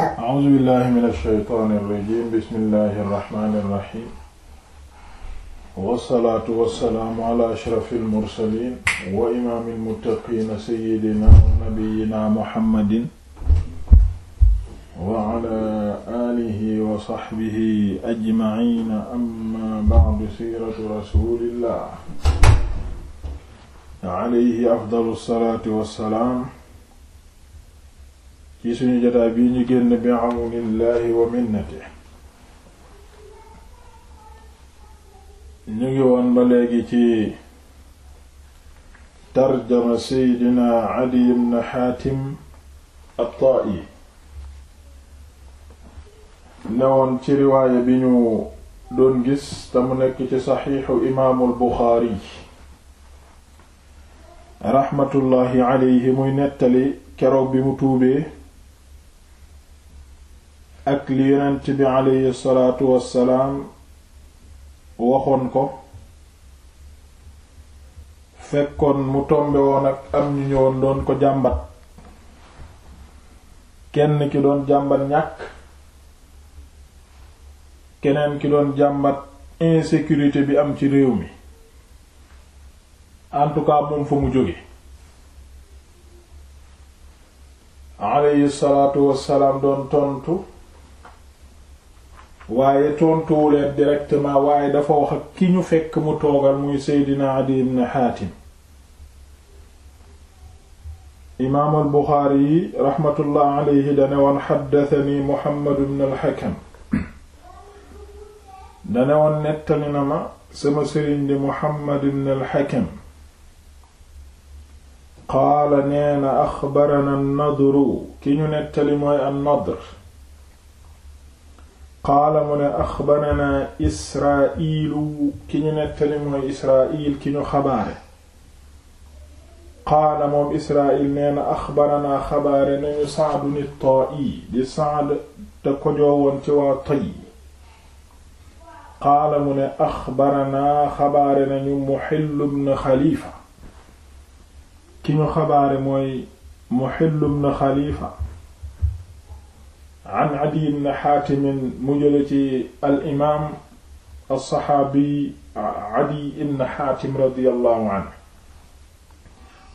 a'uuzu billahi mina shaytaani rajiim bismillahi rahmaani rahiim wasalaatu wasalaamu ala ashrafil mursaliin wa imaamil muttaqiin sayyidina wa nabiyyina muhammadin wa ala aalihi wa sahbihi ajma'iin amma ba'du siiratu rasuulillah alayhi afdalu salaatu wa salaam ci suñu jotaay bii ñu génn bi awnillahi wa minnati ñu ngi woon ba léegi ci tarjama seydina Adiy ibn Xaatim at-Taa'i newoon ci riwaaya bi ñu doon gis te mu nekk ci saxiixu imaamul Buxaari raxmatullaahi alayhi muy nettali keroog bi mu tuubee ak li yonent bi aleyhi salaatu wassalaam waxoon ko fekkoon mu tombe woon ak am ñu ñëwoon doon ko jàmbat kenn ki doon jàmbat ñàkk keneen ki doon jàmbat insécurité bi am ci réew mi en tout cas moom fa mu jóge aleyhi salaatu wassalaam doon tontu waaye tontuwuleen directement waaye dafa wax ki ñu fekk mu toogal muy seydina adi ibn xaatim imaam al yi raxmatullah alayhi dane woon xaddatani muhammadu ibn al xakam dane nettali na ma sama sëriñ di muhammad ibn al xakam qaala nee na axbarana nadru ki ñu nettali mooy an nadr qaala mu ne axbaranaa israa'iilu ki ñu nettali mooy israa'iil ki ñu xabaare qaala moom israa'iil nee na axbaranaa xabaare nañu Sa'd at-Taa'i di Sa'd te ko joowoon ci waa Tayy qaala mu ne axbaranaa xabaare nañu Muhill ibn Xaliifa ki ñu xabaare mooy Muhill ibn Xaliifa an Adiy ibn Haatim mu jële ci al imaam as-saxaabi Adiy ibn Haatim radiyallahu anhu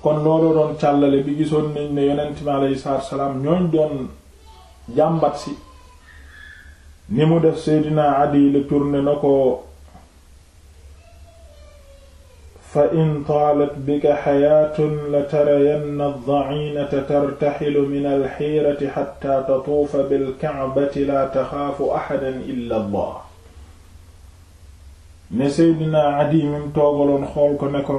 kon loolu doon càllale bi gisoon nañ ne yonent bi aleyhi salaatu salaam ñooñ doon jàmbat si ni mu def Seydina Adiy la tourné na ko fa in taalat bika xayaatun la tarayanna addaciinata tartaxilu min alxiirati xatta tatuufa bilkacbati laa taxaafu axadan illa allah ne seydinaa Adiy mi mu toogaloon xool ko ne ko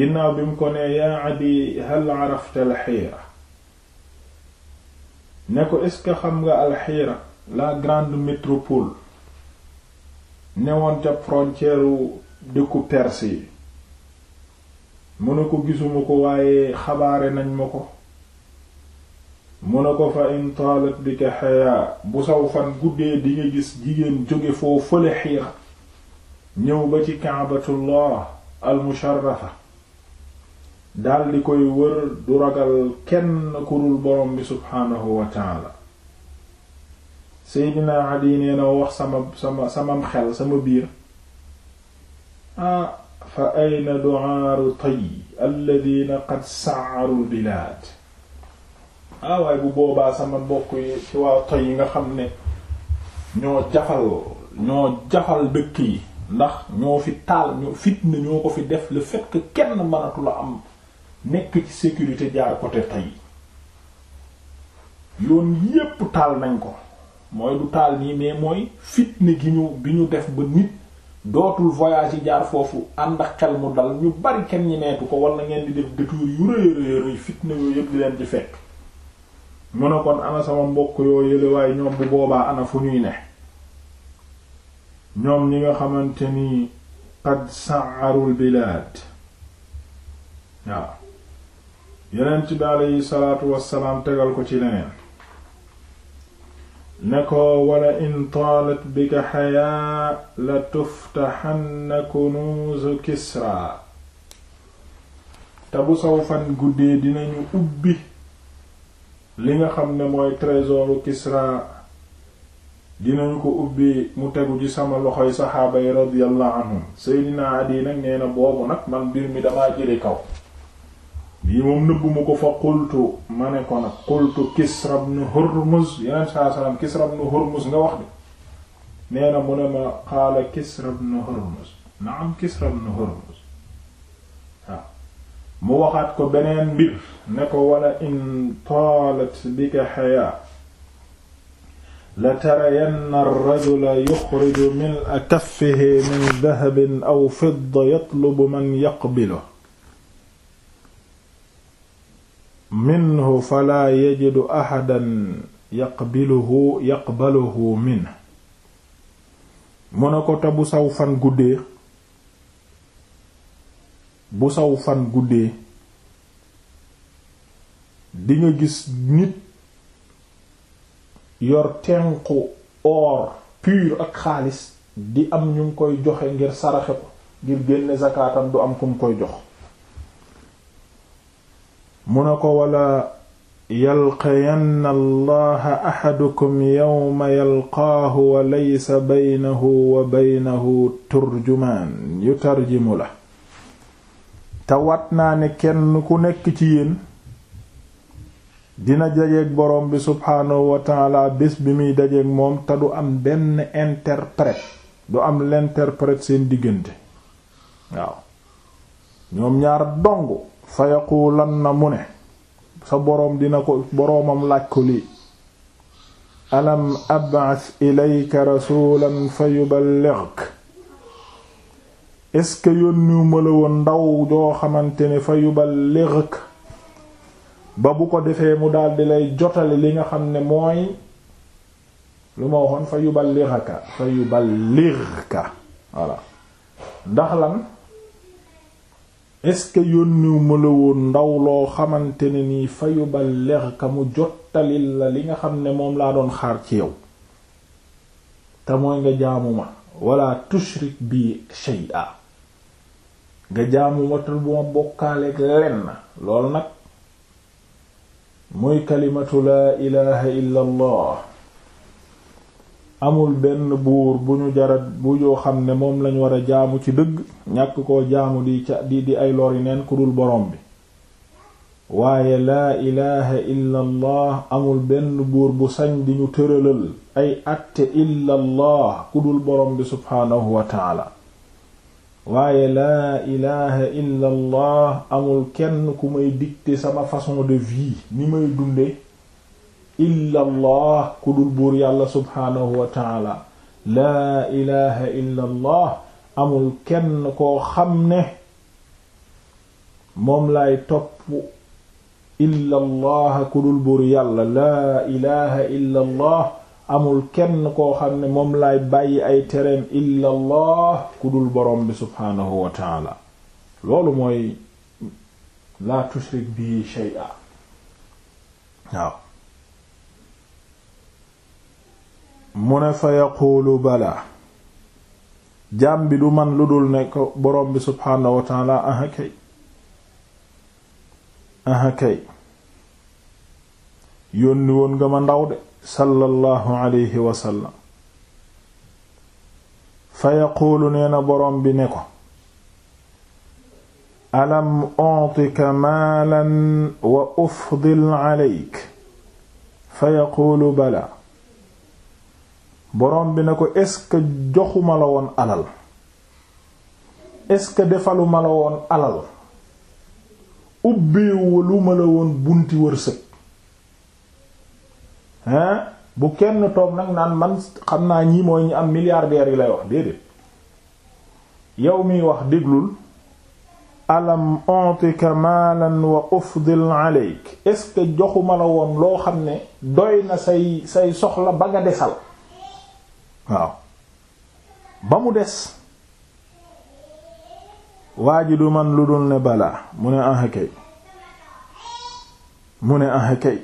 ginnaaw bi mu ko ne yaa Adiy hal carafta alxiira ne ko est-ce que xam nga alxiira la grande métropole newoon ca frontière dëkku perse yi mu ko gisuma ko waaye xabaare nañ ma ko mu ne ko fa in taalat bika xayaa bu saw fan guddee di gis jigéen jóge foo fële xiira ñëw ba ci kaabatullah al musharrafa dal di koy wër du ragal kenn kurul borom bi subhaanahu wa taala adi nee wax sama sama samam xel sama biir ah fa ayna du'aaru tayy alladina qad sa'aru bilaad ah waaye bu boobaa sama mbokk yi ci waa tayy yi nga xam ne ñoo jafal ñoo jafal dëkk yi ndax ñoo fi taal ñoo fitna ñoo ko fi def le fait que kenn mënatu am nekk ci sécurité jaar côté tayy yoon yépp taal nañ ko mooy du taal nii mais mooy fitna gi ñu bi ñu def ba nit dootul voyage yi jaar foofu ànd ak xel mu dal ñu bari kenn ñi neetu ko wala ngeen di def détour yu rëy rëy rëy fitna yooyu yëpp di leen ci fekk mu ne kon ana sama mbokk yoo yële ñoom bu boobaa ana fu ñuy ne ñoom ñi nga xamante ni qad sa'arul bilaad waaw yeneen ci bi aleyhi salaatu wassalaam tegal ko ci leneen ne ko wala in bi bika xayaa la tuftaxanna kunuuzu kisraa te bu saw fan guddee dinañu ubbi li nga xam ne mooy trésoru kisraa dinañu ko ubbi mu tegu ci sama loxoy saxaaba yi radiyallahu anhum seydinaa adi nag nee na boobu nag man mbir mi damaa jëli kaw bii moom nëbbuma ko fa qultu ma ne ko nag qultu Kisra ibn Hurmuz yeneen saa salaam Kisra ibn Hurmuz nga wax de nee na mu ne ma qaala Kisra ibn Hurmuz naam Kisra ibn Hurmuz waaw mu waxaat ko beneen mbir ne ko wala in taalat bika hayaa la tarayanna ar-rajula yukhriju mil'a kaffihi min dhahabin aw fidda yatlubu man yaqbiluhu minhu fala yajidu ahadan yaqbiluhu yaqbaluhu min mu ne ko te bu saw fan guddee bu saw fan guddee di gis nit yor tenqu or pur ak xaalis di am ñu koy joxe ngir saraxe ko ngir génne zakaatam du am kum koy jox mu ne ko wala yalqayanna allaha axadukum yowma yalqaahu wa laysa baynahu wa baynahu turjumaan yu tarjimu la te wat naa ne kenn ku nekk ci yéen dina dajeeg boroom bi subhaanahu wa bés bi muy dajeeg moom te du am benn interprète du am l'interprète seen diggante waaw ñoom ñaar dong fa yaquulanna mu ne sa boroom dina ko boroomam laaj ko alam ab'ath ilayka rasulan fa yuballighka est-ce que yónniwuma la woon ndaw joo xamante ni fa yuballighka ba bu ko defee mu daldi lay jotale li nga xam ne mooy lu ma waxoon fa yuballighka fa yuballighka voilà ndax lan est-ce que yónniw ma la woon ndaw loo xamante ne nii fayuballighuka mu jottalil la li nga xam ne moom laa doon xaar ci yow te nga jaamu ma wala tushrik bi shay'a nga jaamu ma te bu ma bokkaaleeg lenn loolu nag mooy kalimatu laa ilaha illa amul benn buur bu ñu jarat bu yoo xam ne moom lañu war a jaamu ci dëgg ñàkk koo jaamu di ca di di ay lor yi ku dul borom bi waaye laa ilaha illa amul benn buur bu sañ di ñu ay atte illa allah ku dul borom bi waaye laa ilaha kenn ku may dicter sama façon de vie ni may dunde illa allah ku dul buur yàlla subhaanahu wa taala laa ilaha illa allah amul kenn koo xam ne moom lay topp illa allah ku dul buur yàlla laa ilaha illa allah amul kenn koo xam ne moom lay bàyyi ay tereem illa allah ku dul borom bi subhaanahu wa taala loolu mooy laa tushrik bi shay'a mu ne fa yaquulu balaa jaam du man lu dul ne ko borom bi subhaanahu wa taala aha kay yónni woon nga ma ndaw de sallallahu alayhi wa fa yaquulu nee na borom bi ne ko alam ontika maalan wa ufdil aleyk fa yaquulu balaa borom bi na ko est-ce que joxuma la woon alal est-ce que defaluma la woon alal lu ubbiwuluma la woon bunti wërsëg hein bu kenn toog nag naan man xam naa ñii mooy ñi am milliardaires yi lay wax déedéet yow miy wax déglul alam ontika maalan wa ufdil aleyk est-ce que joxuma la woon loo xam ne doy na say say soxla ba nga desal waaw ba mu des waa ji du man lu dul ne balaa mu ne ah kay mu ne ah kay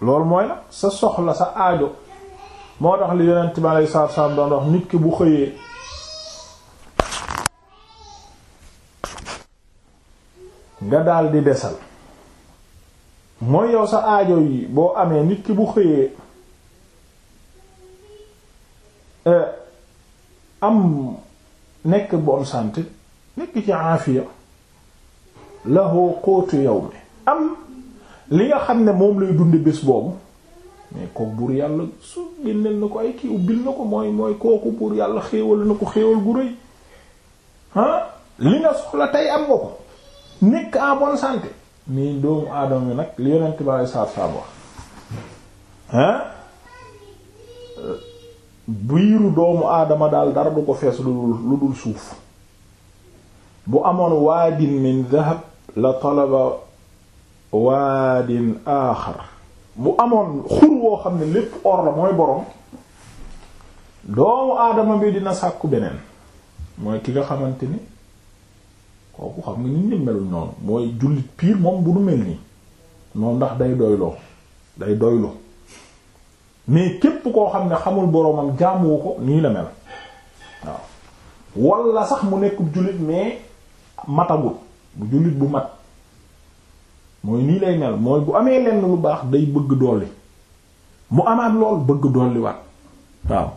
loolu mooy la sa soxla sa aajo moo tax li yonent bi aleyhi salaatu salaam doon wax nit ki bu xëyee nga daal di desal mooy yow sa aajo yi boo amee nit ki bu xëyee Euh, am nekk bonne santé nekk ci aafiya lahu qootu yawmi am li nga xam ne moom lay dunde bés boobu mais kooku buur yàlla su génneel na ko ay kii ubbil na ko mooy mooy kooku buur yàlla xéewal na ko xéewal gu rëy ah li nga soxla tey am nga ko nekk en bonne santé nii doomu aadama yi nag li yonent bi alei saatu salaam biiru doomu aadama daal dara du ko fees lu dul suuf bu amoon waadin min dahab la talaba waadin aaxar bu amoon xur woo xam ne lépp or la mooy borom doomu aadama bi dina sàkku beneen mooy ki nga xamante ni kooku xam nga nit ñi meluñ noonu mooy jullit piir moom bu nu mel nii moom ndax day doyloo day doyloo mais képp koo xam ne xamul boroomam jaamuwu ko nii la mel waaw wala sax mu nekk jullit mais matagul bu jullit bu mat mooy nii lay mel mooy bu amee lenn lu baax day bëgg dolli mu amaat lool bëgg dolliwaat waaw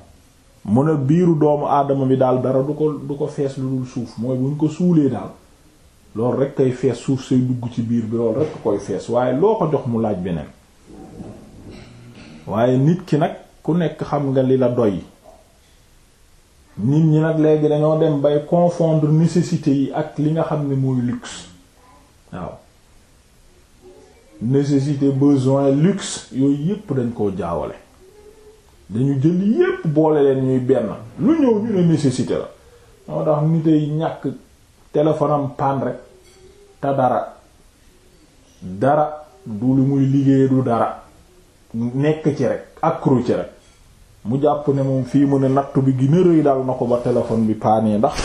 mu ne biiru doomu aadama bi daal dara du ko du ko fees lu dul suuf mooy buñ ko suulee daal loolu rek ay fees suuf say dugg ci biir bi loolu rek koy fees waaye loo ko jox mu laaj beneen waaye nit ki nag ku nekk xam nga li la doy nit ñi nag léegi dañoo dem bay confondre nécessité yi ak li nga xam ne mooy luxe waaw nécessité besoin luxe yooyu yépp dañ koo jaawale dañu jël yépp boole leen ñuy benn lu ñëw ñu ne nécessité la moo tax nit ay ñàkk téléphone am rek te dara dara du lu muy liggéey dara nekk ci rek accro ci rek mu jàpp ne moom fii mu ne nattu bi gën rëy daal na ko ba téléphone bi paanee ndax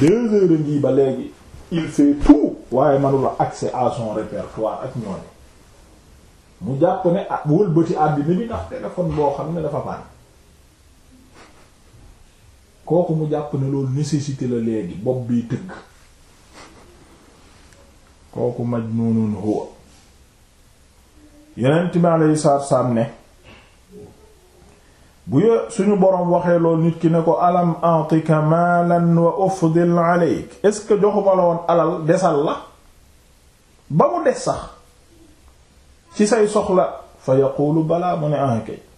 deux heures a ba léegi il fait tout waaye manula accès à son répertoire ak ñooñu mu jàpp ne ah wëlbati àddina bi ndax téléphone boo xam ne dafa paan kooku mu jàpp ne loolu nécessité la léegi bopp biy tëgg kooku majnuunun huwa yonent bi alayhi salaatu wassalaam ne bu yo suñu boroom waxee lool nit ki ne ko alam atika maalan wa ufdil aleyk est joxuma la woon alal desal la ba mu des sax ci say soxla fa yaqulu balaa mu ne ankay ah,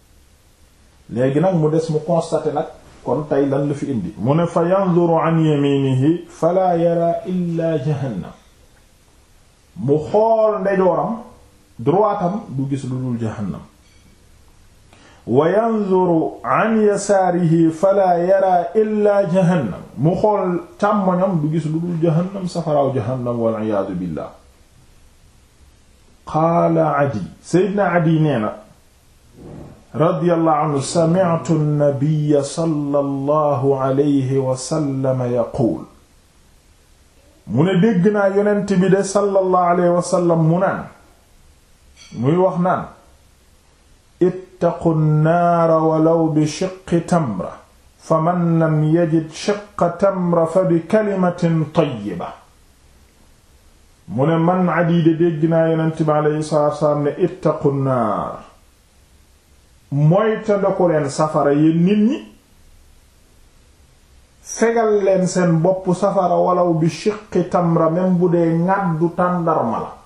léegi nag mu des mu constaté nag kon tey lan la fi indi mu ne fa yanzuru an yaminihi fala yara illa jahannam mu xool ndejooram droitam du gis lu dul jahannam wa yanzuru an yasaarihi fala yara illa jahannam mu xool càmmoñam du gis lu dul jahannam safaraaw jahannam wal iyaadu billah qaala adi seydna adi nee na radiyallahu anhu sami'tu an-nabiyya sallallahu alayhi wa sallam yaquul mu ne dégg naa yonent bi de sallallahu alayhi wa sallam mu naan muy wax naan ittaqu nnaara walaw bi shiqqi tamra fa man lam yajid shiqqa tamra fa bi kalimatin tayyiba mu ne man adiide dégg naa yonent bi aleyhi salaatu wasalaam ne ittaqu nnaar mooy te leen safara yéen nit ñi fegal leen seen bopp safara walaw bi shiqqi tamra même bu dee ŋàddu tàndarma la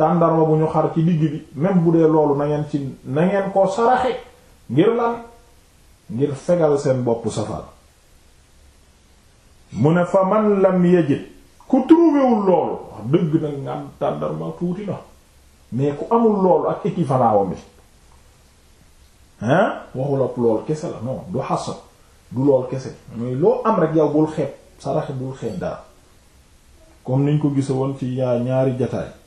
tàndarma bu ñu xar ci digg bi même bu dee loolu na ngeen ci nangeen koo ko saraxe ngir lan ngir fegal seen bopp safara mu ne fa man lam yajid ku trouvéwul loolu wax dëgg nag nga tàndarma tuuti na mais ku amul loolu ak équivalent bi hein waxul ak lool kese la non du xasab du lool kese mooy loo am rek yow bul xeeb saraxe bul xeeb dara comme niñ ko gisa woon ci yaa ñaari jataay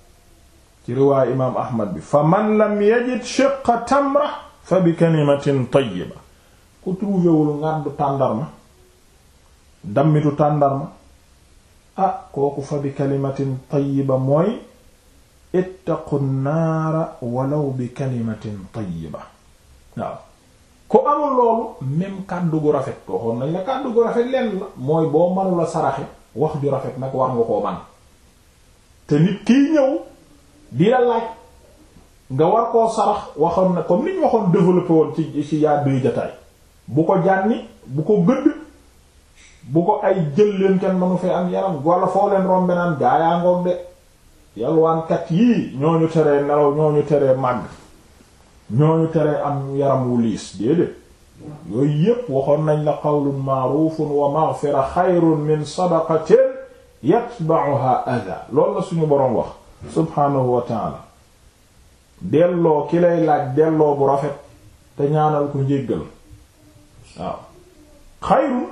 ci riwaay imaam ahmad bi fa man lam yajid shiqqa tamra fa bi kalimatin tayyiba ku trouvéwul ngàddu tàndarma dammitu tàndarma ah kooku fa bi kalimatin tayyiba mooy ittaqu naara walaw bi kalimatin tayyiba waaw ku amul loolu même kàddu gu rafet waxoon nañ la kàddu gu rafet lenn la mooy boo mënula saraxe wax ju rafet nag war nga koo man te nit kiy ñëw di la laaj nga war koo sarax waxoon na comme ni waxoon développé woon ci ci yaa doy jataay bu ko jànni bu ko gëdd bu ko ay jël leen kenn mënu fee am yaram wala foo leen rombe naan gaayaa ngoog de yalwaankat yii ñoo ñu teree nelaw ñoo ñu teree màgg ñoo ñu teree am yaram wu liis déedéet yooyu yépp waxoon nañ la qawlun ma'rufun wa maghfira xayrun min sadaqatin yatba'uha adha loolu la suñu boroom wax subhaanahu wa taala delloo ki lay laaj delloo bu rafet te ñaanal ko njéggal waaw xayru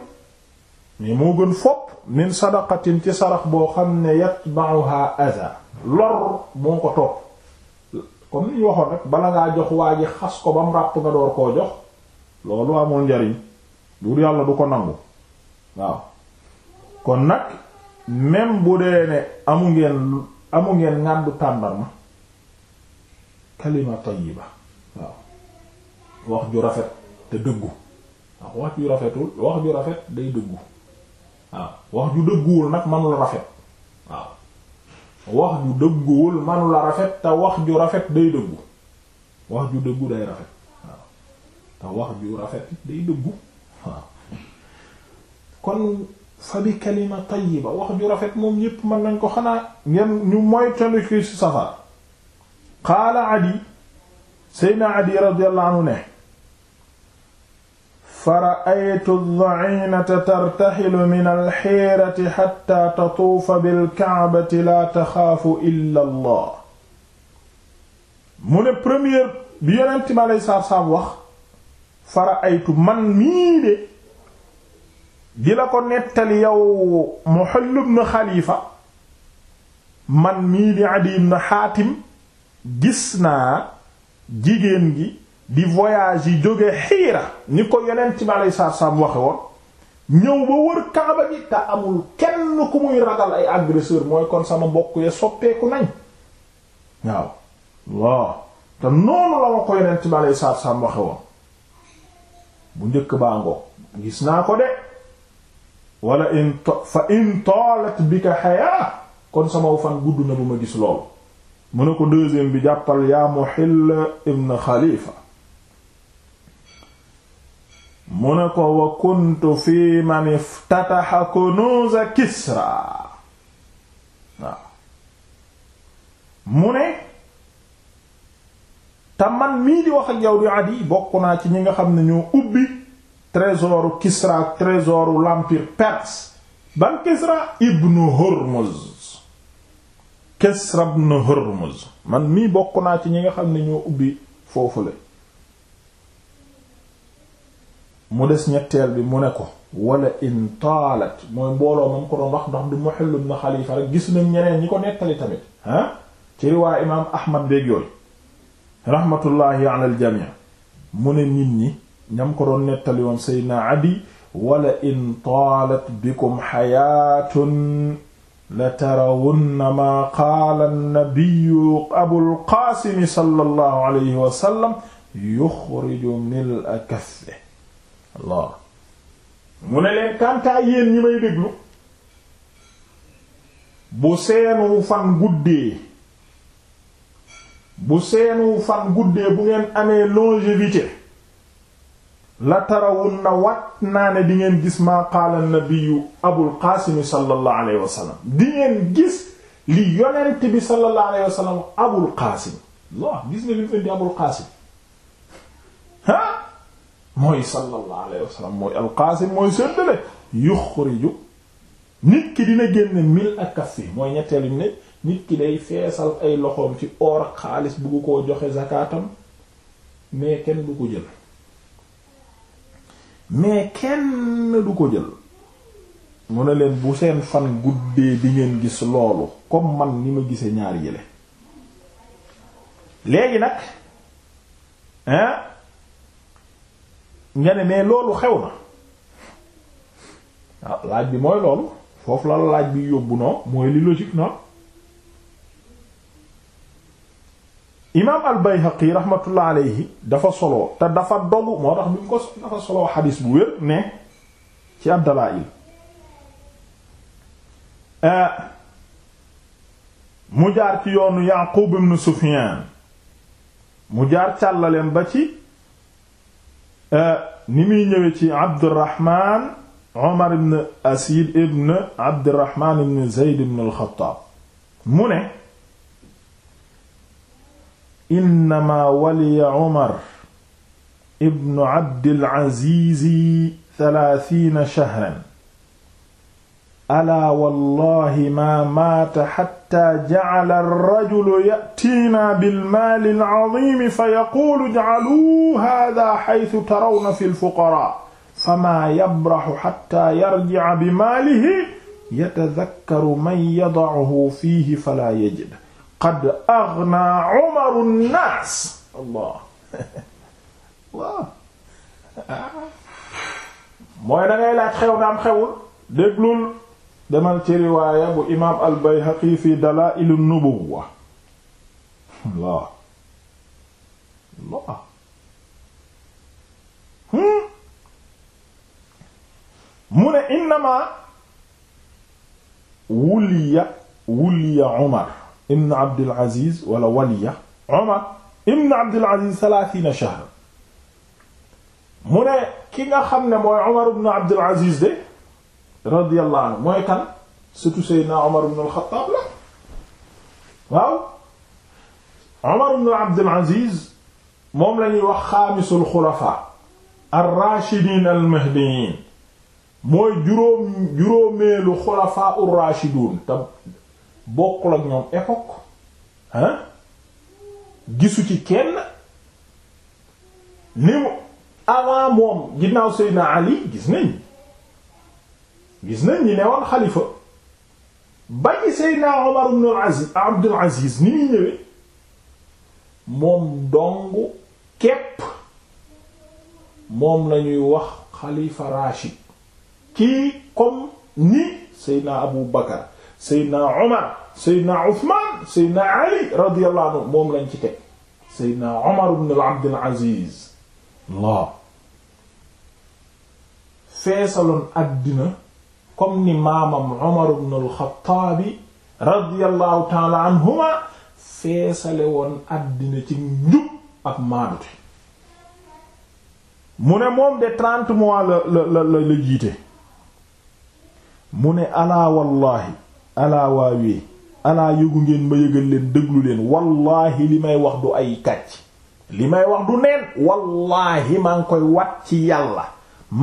mais moo gën fopp min sadaqatin ci sarax boo xam ne yatba'uha adha lor moo ko topp comme niñ waxoon rek bala ngaa jox waa ji xas ko ba mu ràpp nga door koo jox loolu amul njariñ buur yàlla du ko nangu waaw kon nag même bu dee ne amu ngeen amu ngeen ngàndu tàndarma kalima tayyiba waaw wax ju rafet te dëggu wax ju rafetul wax ju rafet day dëggu waaw wax ju dëgguwul nag manula rafet waaw wax ju dëgguwul manula rafet te wax ju rafet day dëggu wax ju dëggu day rafet waaw te wax ju rafet day dëggu waaw kon fa bi kalima tayyiba wax ju rafet moom ñépp mën nañ ko xanaa ngeen ñu moytandu ci safara qaala adi seydna adi radiyallahu anhu ne fa ra'aytu ad-da'inata tartaxilu min al-xiirati xatta tatuufa bil-ka'bati laa taxaafu illa allah mu ne première bi yonent ma lay saar saam wax fa ra'aytu man mii de di la ko nettali yow Muhall ibn Xalifa man mii di Adi ibn Xaatim gis naa jigéen gi di voyage yi jóge xiira ni ko yonent bi aleyhi salaatu salaam waxe woon ñëw ba wër Kaaba gi te amul kenn ku muy ragal ay agresseur mooy kon sama mbokk ya soppeeku nañ waaw waaw te noonu la ma ko yonent bi aleyhi salaatu salaam waxe woon bu njëkk baa ngoog gis naa ko de wala in fa in toolat bi ka xayaa kon sama fan gudd na bu ma gis loolu mu ne ko deuxième bi jàppal yaa Muhill ibn Khalifa mu ne te man mii di wax ak yow di Adi bokk naa ci ñi nga xam ne ñoo ubbi trésoru Kisra trésoru l'empire perse ban Kisra ibnu Hormuz Kisra ibnu Hormuz man mii bokk naa ci ñi nga xam ne ñoo ubbi foofu la mu des ñetteel bi mu ne ko wala in taalat mooy mbooloo moom ko doon wax ndax du Muhill ibn Khalifa rek gis nañ ñeneen ñi ko nekkali tamit ah ci riwaa imaam Ahmad beeg yooyu rahmatullahi mu ne nit ñi ñam ko doon nettali woon seydna adi wala in taalat bikum xayaatun la tarawunna maa qaala nabiyu abul qaasimi sallallahu alayhi wa sallam yuxriju mil a kaffe Allah mu ne leen kàntaa yéen ñi may déglu bu seenu fan guddee bu seenu fan guddee bu ngeen amee longévité la tarawun naa ne di ngeen gis maa qaala nabiyu abul qaasimi sallallahu alayhi wa sallam di ngeen gis li yonent bi sallallahu alayhi abul qaasim Allah gis nga li mu indi abul qaasim ah mooy sallallahu yuxriju nit ki dina génne mil ak kaffi mooy ñetteelu ne nit ki day feesal ay loxoom ci or ak xaalis buggu koo joxe zakaatam mais kenn du ko jël. mais kenn du ko jël mu ne leen bu seen fan guddee di ngeen gis loolu comme man ni ma gisee ñaar yële léegi nag hein nga ne mais loolu xew na waaw ah, laaj bi mooy loolu foofu la laaj bi yóbbu noo mooy li logique na imaam al-Bayhaqi rahmatullah alayhi dafa solo te dafa dogu moo tax bi mu ko dafa solo xadiis bu wér ne ci ad-Dalaa'il euh, mu jaar ci yoonu Yaqub ibn Sufyan mu jaar càllaleem ba ci euh, ni muy ñëwee ci Abdurrahman Omar ibn Asid ibn Abdurrahman ibn Zayd ibn al-Khattab mu ne innama waliya Umar ibnu Abdil Aziz talaatiina shahran alaa wallaahi maa maata xattaa jacala arrajulu ya'tiinaa bilmaali alcaziimi fayaquulu ijcaluu haadaa xaysu tarawna fi lfuqaraa famaa yabraxu xattaa yarjica bimaalihi yatadakkaru man yadacuhu fiihi falaa yajid qad aghnaa umaru nnaas allah waaw mooy da ngay laaj xew na am xewul déglul demal ci riwaaya bu imaam al bayhaqi fi dalaa'il an-nubuwwa allah allah hmm? mu ne innamaa wuliya wuliya umar ibn Abdul Aziz wala waliya Omar ibn Abdul Aziz salaasiina shahran mu ne ki nga xam ne mooy Omar ibn Abdul Aziz de radiyallahu anhu mooy kan surtout Seydina Omar ibn al-Khattab la waaw Omar ibn Abdul Aziz moom la ñuy wax xaamisul xulafaa ar-raashidiin al-mahdiyyiin mooy juróom juróomeelu xulafaa ar-raashiduun bokkul ak ñoom époque hein gisu ci kenn ni mu avant moom ginnaaw Seydina Ali gis nañ gis nañ ñi ne xalifa ba ci Seydina Omar aziz Abdul Aziz ni muy ñëwee moom dong képp moom lañuy wax xalifa Rachid kii comme ni Seydina Abu Bakar Seydina Omar Seydina Ousmane Seydina Ali radiyallahu anhu moom Abdul Aziz feesaloon àddina comme ni maamam Omar ibn al radiyallahu ta'ala anhuma feesale woon àddina ci njub ak maadute mu ne moom de trente mois la la la la jiite mu ne alaa wallahi alaa waawee alaa yëgu ngeen ma yëgal leen déglu leen wallaahi li may wax du ay kàcc li may wax du neen wallaahi maa koy wat ci yàlla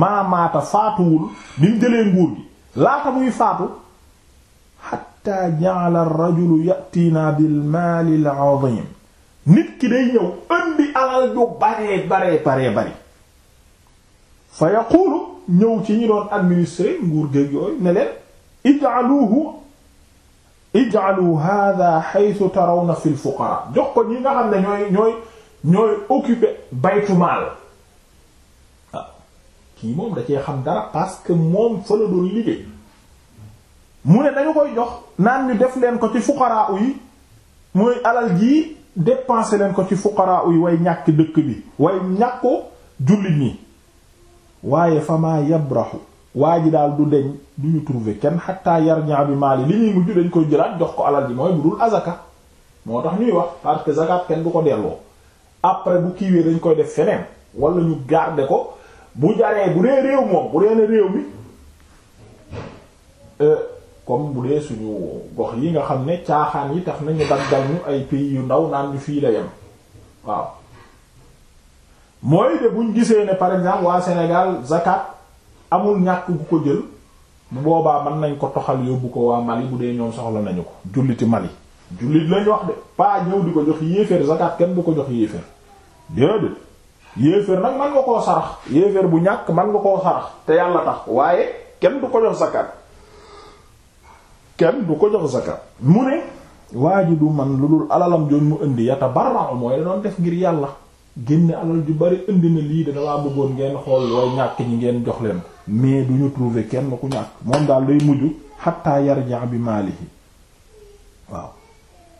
maa maata faatuwul bi mu jëlee nguur gi laata faatu xatta ja'ala rajulu ya'tina bil maali al nit ki day ñëw indi alal ju baree baree baree bari fa yaqulu ñëw ci ñi doon administrer nguur géeg yooyu ne leen ij'alu hadha haythu tarawna fil fuqara jox ko ñi nga xam ne ñooy ñooy ñooy occuper baytu maal waaw ah, kii moom da xam dara parce que moom fa la liggéey mu ne dañu koy jox naan ñu def leen ko ci fuqara yi mooy alal jii dépenser leen ko ci fuqara yi way ñàkk dëkk bi way ñàkku jullit ñi waaye fa maa yabrahu waa ji daal du deñ duñu trouver kenn xataa yarñaa bi maali li ñuy mujj dañ koy jëlaat jox ko alal bi mooy bu dul azaka moo tax ñuy wax parce que zakat kenn du ko delloo après bu kiiwee dañ koy def feneen walla ñu garder ko bu jaree bu dee réew moom bu dee ne réew mi euh, comme bu dee suñu gox yi nga xam ne caaxaan yi tax nañu daggal ñu ay pays yu ndaw naan ñu fii la yem waaw mooy de buñ gisee ne par exemple waa Sénégal zakat amul ñàkk bu ko jël bu boobaa mën nañ ko toxal yóbbu ko waa Mali bu dee ñoom soxla nañu ko julliti Mali jullit lañ wax de pas ñëw di ko jox yéeféer zakat kenn du ko jox yéeféer déedéet koo sarax yéeféer bu ñàkk mën nga koo sarax te waaye kenn du ko jox zakat kenn du ko jox zakat mu ne waa du man lu dul alalam joon mu indi yatabarra'u mooy da doon def ngir yàlla génne alal ju bari indi na lii da laa bëggoon ngeen xool looy ñàkk ñi ngeen jox leen mais du ñu trouver kenn ku ñàkk moom daal day mujj xatta yarja bi maalihi waaw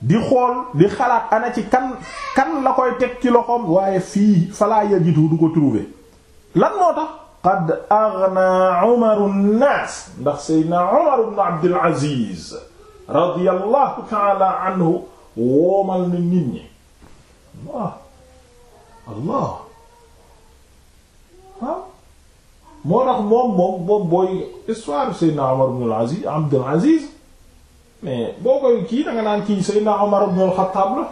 di xool di xalaat ana ci kan kan la koy teg ci loxoom waaye fii falaa yajitu du ko trouver lan moo tax qad aghna umaru nnaas ndax seydna umar ibn abdul aziz radiyallahu ta'ala anhu woomal na nit ñi allah moo tax moom boobu booy histoire Seydina Omar ibn al Abdul Aziz mais boo kii da naan kii Seydina Omar ibn al la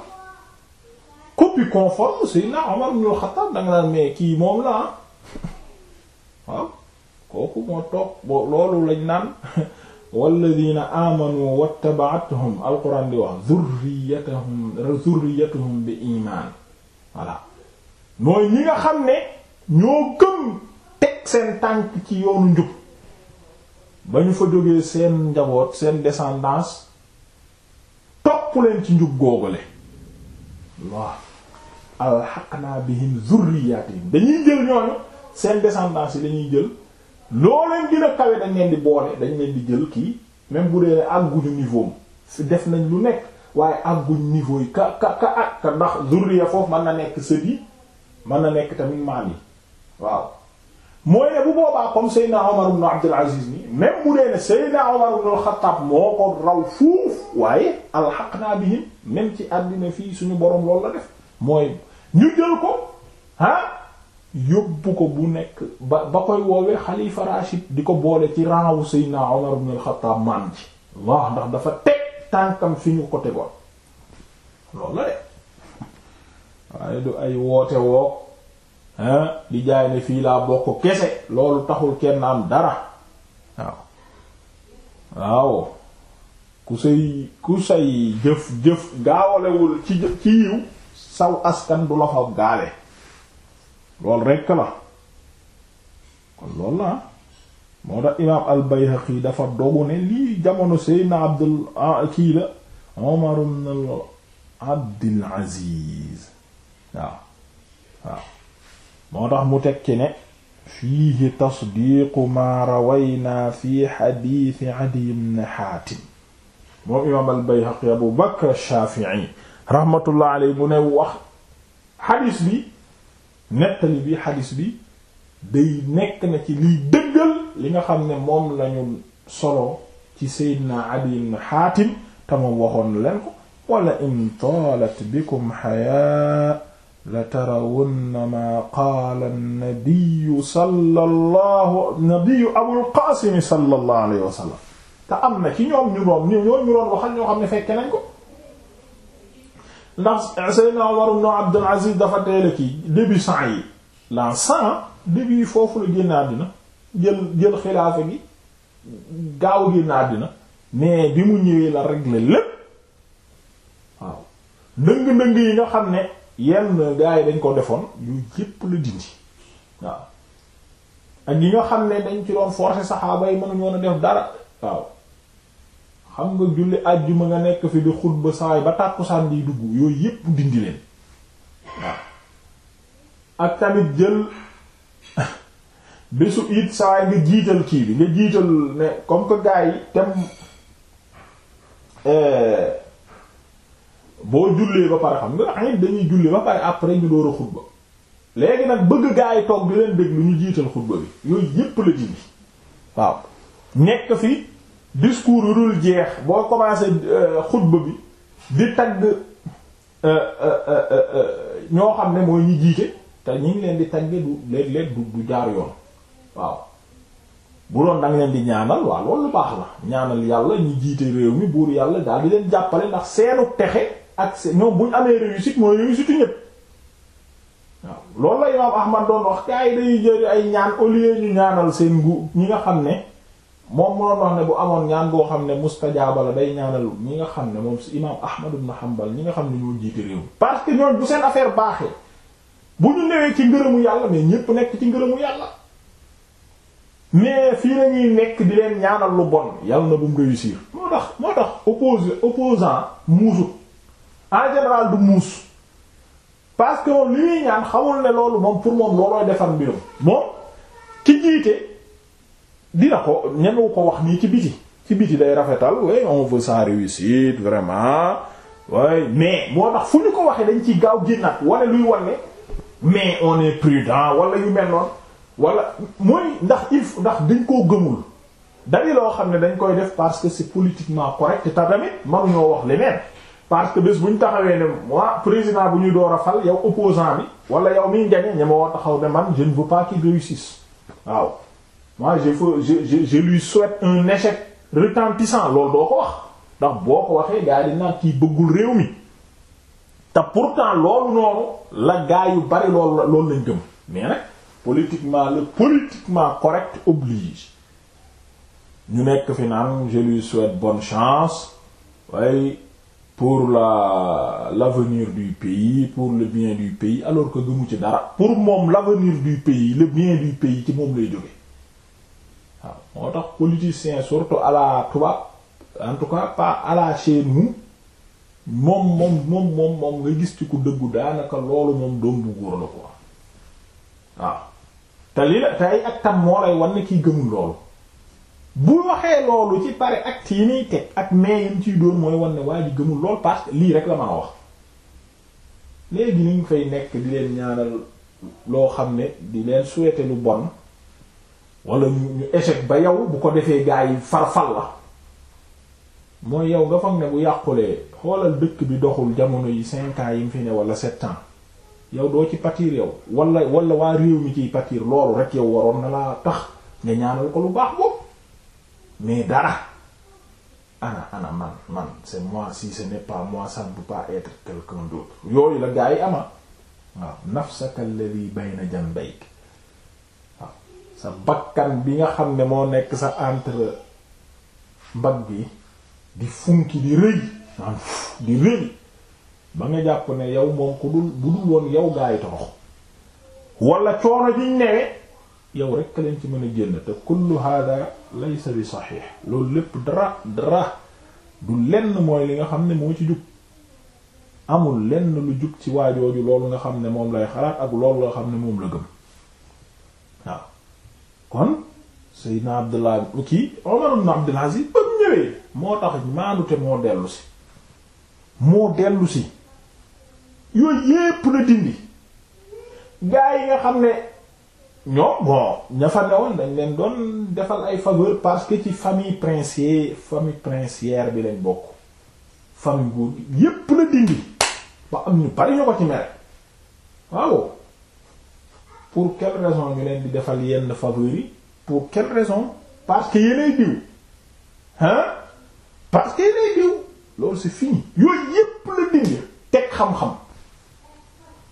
copie conforme Seydina Omar ibn al-Khattab da naan mais kii moom la ah. kooku moo toog boo loolu lañ naan walladina amanu wattaba'athum alquran di wax zurriyatuhum bi iman voilà mooy ñi nga xam ne ñoo gëm teg seen tànk ci yoonu njub ba ñu fa jógee seen njaboot seen descendance topp leen ci njub googale waaw alhaqna bihim zurriyatihim dañuy jël ñooñu seen descendance yi lañuy jël loo leen gën a kawe dañ leen di boole dañ leen di jël kii même bu dee àgguñu niveau fi def nañ lu nekk waaye àgguñ niveau yi ka ka ka ak ah, ka ndax zurriya foofu mën na nekk sët yi mën na nekk tamit maam yi waaw mooy ne bu boobaa comme Seydina Omar ibn Abdul Aziz ni même mu dee ne Seydina Omar ibn al moo ko raw fuuf waaye alxaqnaa bihim même ci àddina fii suñu borom loolu ñu jël ko ah yóbbu nekk koy woowee xalifa Rashid di ko boole ci raawu Seydina Omar dafa teg tànkam fi ñu la de waaye du ay woote woo li jaay ne fii laa bokk kese loolu taxul kenn am dara waaw waaw ku say ku say jëf jëf gaawalewul ci ci yiw saw askan du la fa gaale loolu rekk la kon loolu la moo tax imaam al-Bayhaqi dafa dogu ne lii jamono Seydina Abdul kii la Umar Abdul Aziz waaw waaw moo tax mu teg ci ne fiihi tasdiiqu maa rawaynaa fi xadiisi Adiy ibn Xaatim moom imaam al-Bayhaqi Abu Bakr ash-Shaafi'i rahmatullah alayhi mu ne wax xadis bi bi xadis bi nekk na ci li dëggal li nga xam ne moom lañu solo ci Seydina Adiy ibn Xaatim te waxoon leen wala in taalat bikum xayaa la tarawunna maa qaala nabiyu sallallahu nabiyu abul qaasimi sallallahu alayhi wa sallam am na ci ñoom ñu doon ñoo ñu doon waxal ñoo xam ne fekke nañ ko ndax Seydina Umar ibn Abdul Aziz dafa teel kii début cent yi l'an cent début yi foofu la génn àddina jël jël xilaafa gi gaaw génn àddina mais bi mu ñëwee la régler lépp waaw ndëng-ndëng yi nga xam ne yenn gaa yi dañ ko defoon yu yépp la dindi waaw ak yi nga xam ne dañ ci doon forcer saxaaba yi mënuñu woon def dara waaw xam nga julli àjjuma nga nekk fi di xutba saay ba tàkkusaan di dugg yooyu yépp dindi leen waaw ak tamit jël bésu it saay nga jiital kii bi nga jiital ne comme que gars yi tem eh, boo jullee ba pare xam nga ay dañuy julli ba pare après ñu door a xutba léegi nag bëgg gaa yi toog di leen lu ñu jiital xutba bi yooyu yépp la dindi waaw nekk fi discours yu dul jeex boo commencé euh, xutba bi di tagg euh, euh, ñoo xam ne mooy ñi jiite te ñu ngi leen di tagge du leen léeg du du jaar yoon waaw bu doon danga leen di ñaanal waaw loolu lu baax la ñaanal yàlla ñi jiite réew mi buur yàlla daal di leen jàppale ndax seenu texe accès ñoom bu ñu amee réussite mooy réussite ñépp waaw loolu la imaam Ahmad doon wax gaa yi day jëri ay ñaan au lieu ñu ñaanal seen ngu ñi nga xam ne moom moo doon wax ne bu amoon ñaan boo xam ne mustajaaba la day ñaanal ñi nga xam ne moom si imaam Ahmad ibn Hanbal ñi nga xam ne ñoo jiite réew parce que ñoom bu seen affaire baaxee bu ñu newee ci ngërëmu yàlla mais ñépp nekk ci ngërëmu yàlla mais fii lañuy nekk di leen ñaanal lu bon yàlla na bu mu réussir tax moo tax oppose opposant muusut en général du muus parce que moom li muy ñaan xamul ne loolu moom pour moom loolooy defar mbirum moom ki jiite dina ko ñemewu ko wax nii ci biti ci biti day rafetal oui on veut sa réussite vraiment oui mais moo tax fu ñu ko waxee dañ ciy gaaw génnaat wala luy wane mais on est prudent wala yu mel noonu wala mooy ndax il ndax dañ koo gëmul dañu loo xam ne dañ koy def parce que c'est politiquement correct te tamit mënuñoo wax leneen. parce que bés bu ñu taxawee ne moi président bu ñuy door a fal yow opposant bi wala yow miy gañe ña ma woo taxaw ne man je ne veux pas qu'il réussisse waaw moi je je je lui souhaite un échec retentissant loolu doo ko wax ndax boo ko waxee gars yi naan kii bëggul réew mi te pourtant loolu noonu la gars yu bari loolu la loolu lañ gëm mais nag politiquement le politiquement correct oblige ñu nekk fi je lui souhaite bonne chance waaye. pour la l'avenir du pays pour le bien du pays alors que gëmu ci dara pour moom l'avenir du pays le bien du pays ci moom lay jóge waaw moo tax politiciens surtout à la tubaab en tout cas pas à la moom moom moom moom moom nga gis ci ku dëggu daanaka loolu moom doom bu góor la quoi waaw te li la te ay ak tam moo lay wan ne kiy gëmul loolu bu waxee loolu ci pare actes yi teg ak mais yi ciy doon mooy wan ne waa ji gëmul lool parce lii rek la mën a wax léegi ni fay nekk di leen ñaanal loo xam ne di leen souhaiter lu bon wala ñu échec ba yow bu ko defee gaa yi farfal la mooy yow nga foog ne bu yàqulee xoolal dëkk bi doxul jamono yi cinq ans yi mu fi ne wala sept ans yow doo ci patir yow wala wala waa réew mi ciy patir loolu rek yow waroon na laa tax nga ñaanal ko lu baax boobu. mais dara ana ah, ana man man c'est moi si ce n'est pas moi ça ne peut pas être quelqu'un d'autre yooyu la gaa yi ama waaw nafsaka alladhi bayna janbayk waaw sa bakkan bi nga xam ne moo nekk sa entre mbag bi di funki di rëy di rëy ba nga jàpp ne yow moom ku dul bu dul woon yow gaa yi torox wala coono jiñ newee yow rekk leen ci mën a génn te kullu hada laysa bi saxiix loolu lépp dara dara du lenn mooy li nga xam ne moo ci jub amul lenn lu jub ci waajooju loolu nga xam ne moom lay xalaat ak loolu nga xam ne moom la gëm waaw kon Seydina Abdullah kii Umar ibn Abdul Aziz ba mu ñëwee moo tax maanute moo dellu moo dellusi si yooyu yépp la dindi gaa yi nga xam ne ñoom bon ña fa newoon dañ leen doon defal ay faveur parce que ci famille princière famille princière bi lañ bokk famille buur yépp la dindi ba am ñu bari ñu ko ci mere waaw pour quelle raison ñu leen di defal yenn faveur yi pour quelle raison parce que yéenay diw hein parce que yéenay diw loolu c'est fini yooyu yépp la dindi teg xam-xam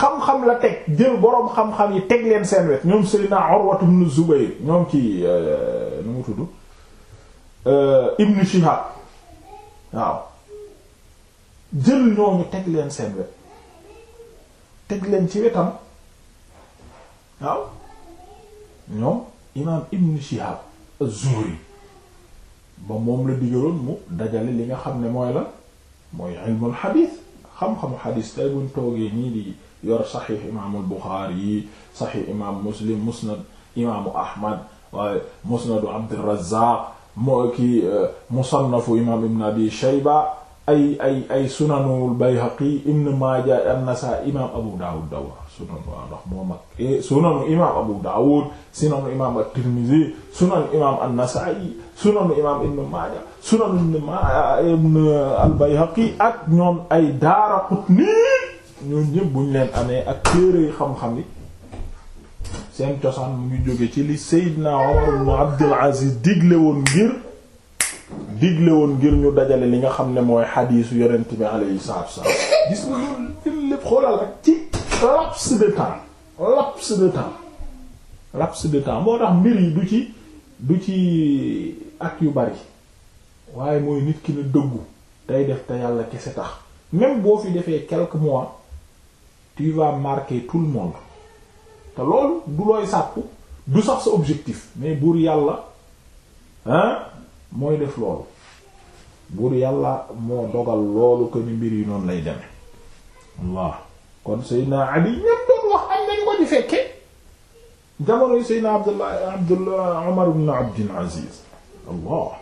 xam-xam la teg jël boroom xam-xam yi teg leen seen wet ñoom Seydina Urwatu ibn Zubayr ñoom ci euh, nu mu tudd euh, Ibn Shihab waaw jël ñooñu teg leen seen wet teg leen ci wetam waaw ñoom imaam Ibn Shihab az ba moom la digaloon mu dajale li nga xam ne mooy la mooy ilmul xadiis xam-xamu xadiis tey buñ toogee ñii di yor saxiix imaamul Buxaari yi saxiix imaam Muslim musnad imaamu Ahmad waaye musnadu Abdurrazaaq moo ki eh, musannafu imaam Ibn Abi Shayba ay ay ay sunanul Bayhaqi Ibn Maaja an-Nasaa'i imaam Abu Daawud dawa sunan waaw ndax moo mag eh, sunanu imaam Abu Daawud sunanu imaam at-Tirmidhi sunanu imaam an-Nasaa'i sunanu imaam Ibn Maaja sunanu Ibn al-Bayhaqi ak ñoom ay Daaraqutni ñooñu ñëpp buñ leen amee ak téere xam-xam yi seen cosaan mu ngi jóge ci li Seydina Omar ibn Abdul Aziz digle woon ngir digle woon ngir ñu dajale li nga xam ne mooy xadiisu yonent bi alayhi salaatu wassalaam gis nga loolu lépp xoolal rek ci laps de temps laps de temps laps de temps moo tax mbir yi du ci du ci ak yu bari waaye mooy nit ki na dëggu tey def te yàlla kese tax même boo fi defee quelque mois tu vas marquer tout le monde te loolu du looy sàkku du sax sa objectif mais buur yàlla hein mooy def loolu buur yàlla moo dogal loolu ko mbir yi noonu lay deme waaw kon Seydina Ali ñépp doon wax am nañ ko di fekke jamono Seydina Abdullah Abdullah Umar ibn Abdul Aziz allah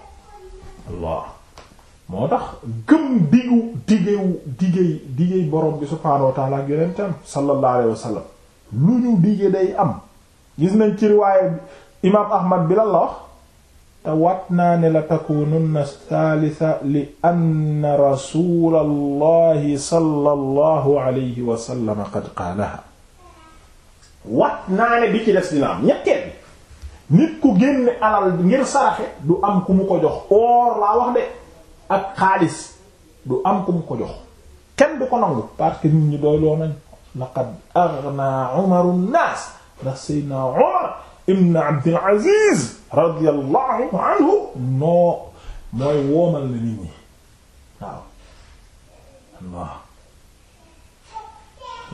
allah moo tax gëm digu digewu digéey digéey borom bi subhaanahu wa ta'ala ak yonentam sallallahu alayhi wa sallam lu ñu digee day am gis nañ ci riwaaye imaam ahmad bi la la wax te wat naa ne la takununna thalitha li anna rasulallahi sallallahu alayhi wa sallam qad qaalaha wat naa ne bi ci des dina am ñetteel bi nit ku génne alal ngir saraxe du am ku mu ko jox or laa wax de ak xaalis du am ku mu ko jox kenn du ko nangu parce que nit ñi doyloo nañ laqad aghna Umar an-nas ndax Seydina Umar ibn Abdul Aziz radiyallahu anhu noo mooy woomal na nit ñi waaw Allah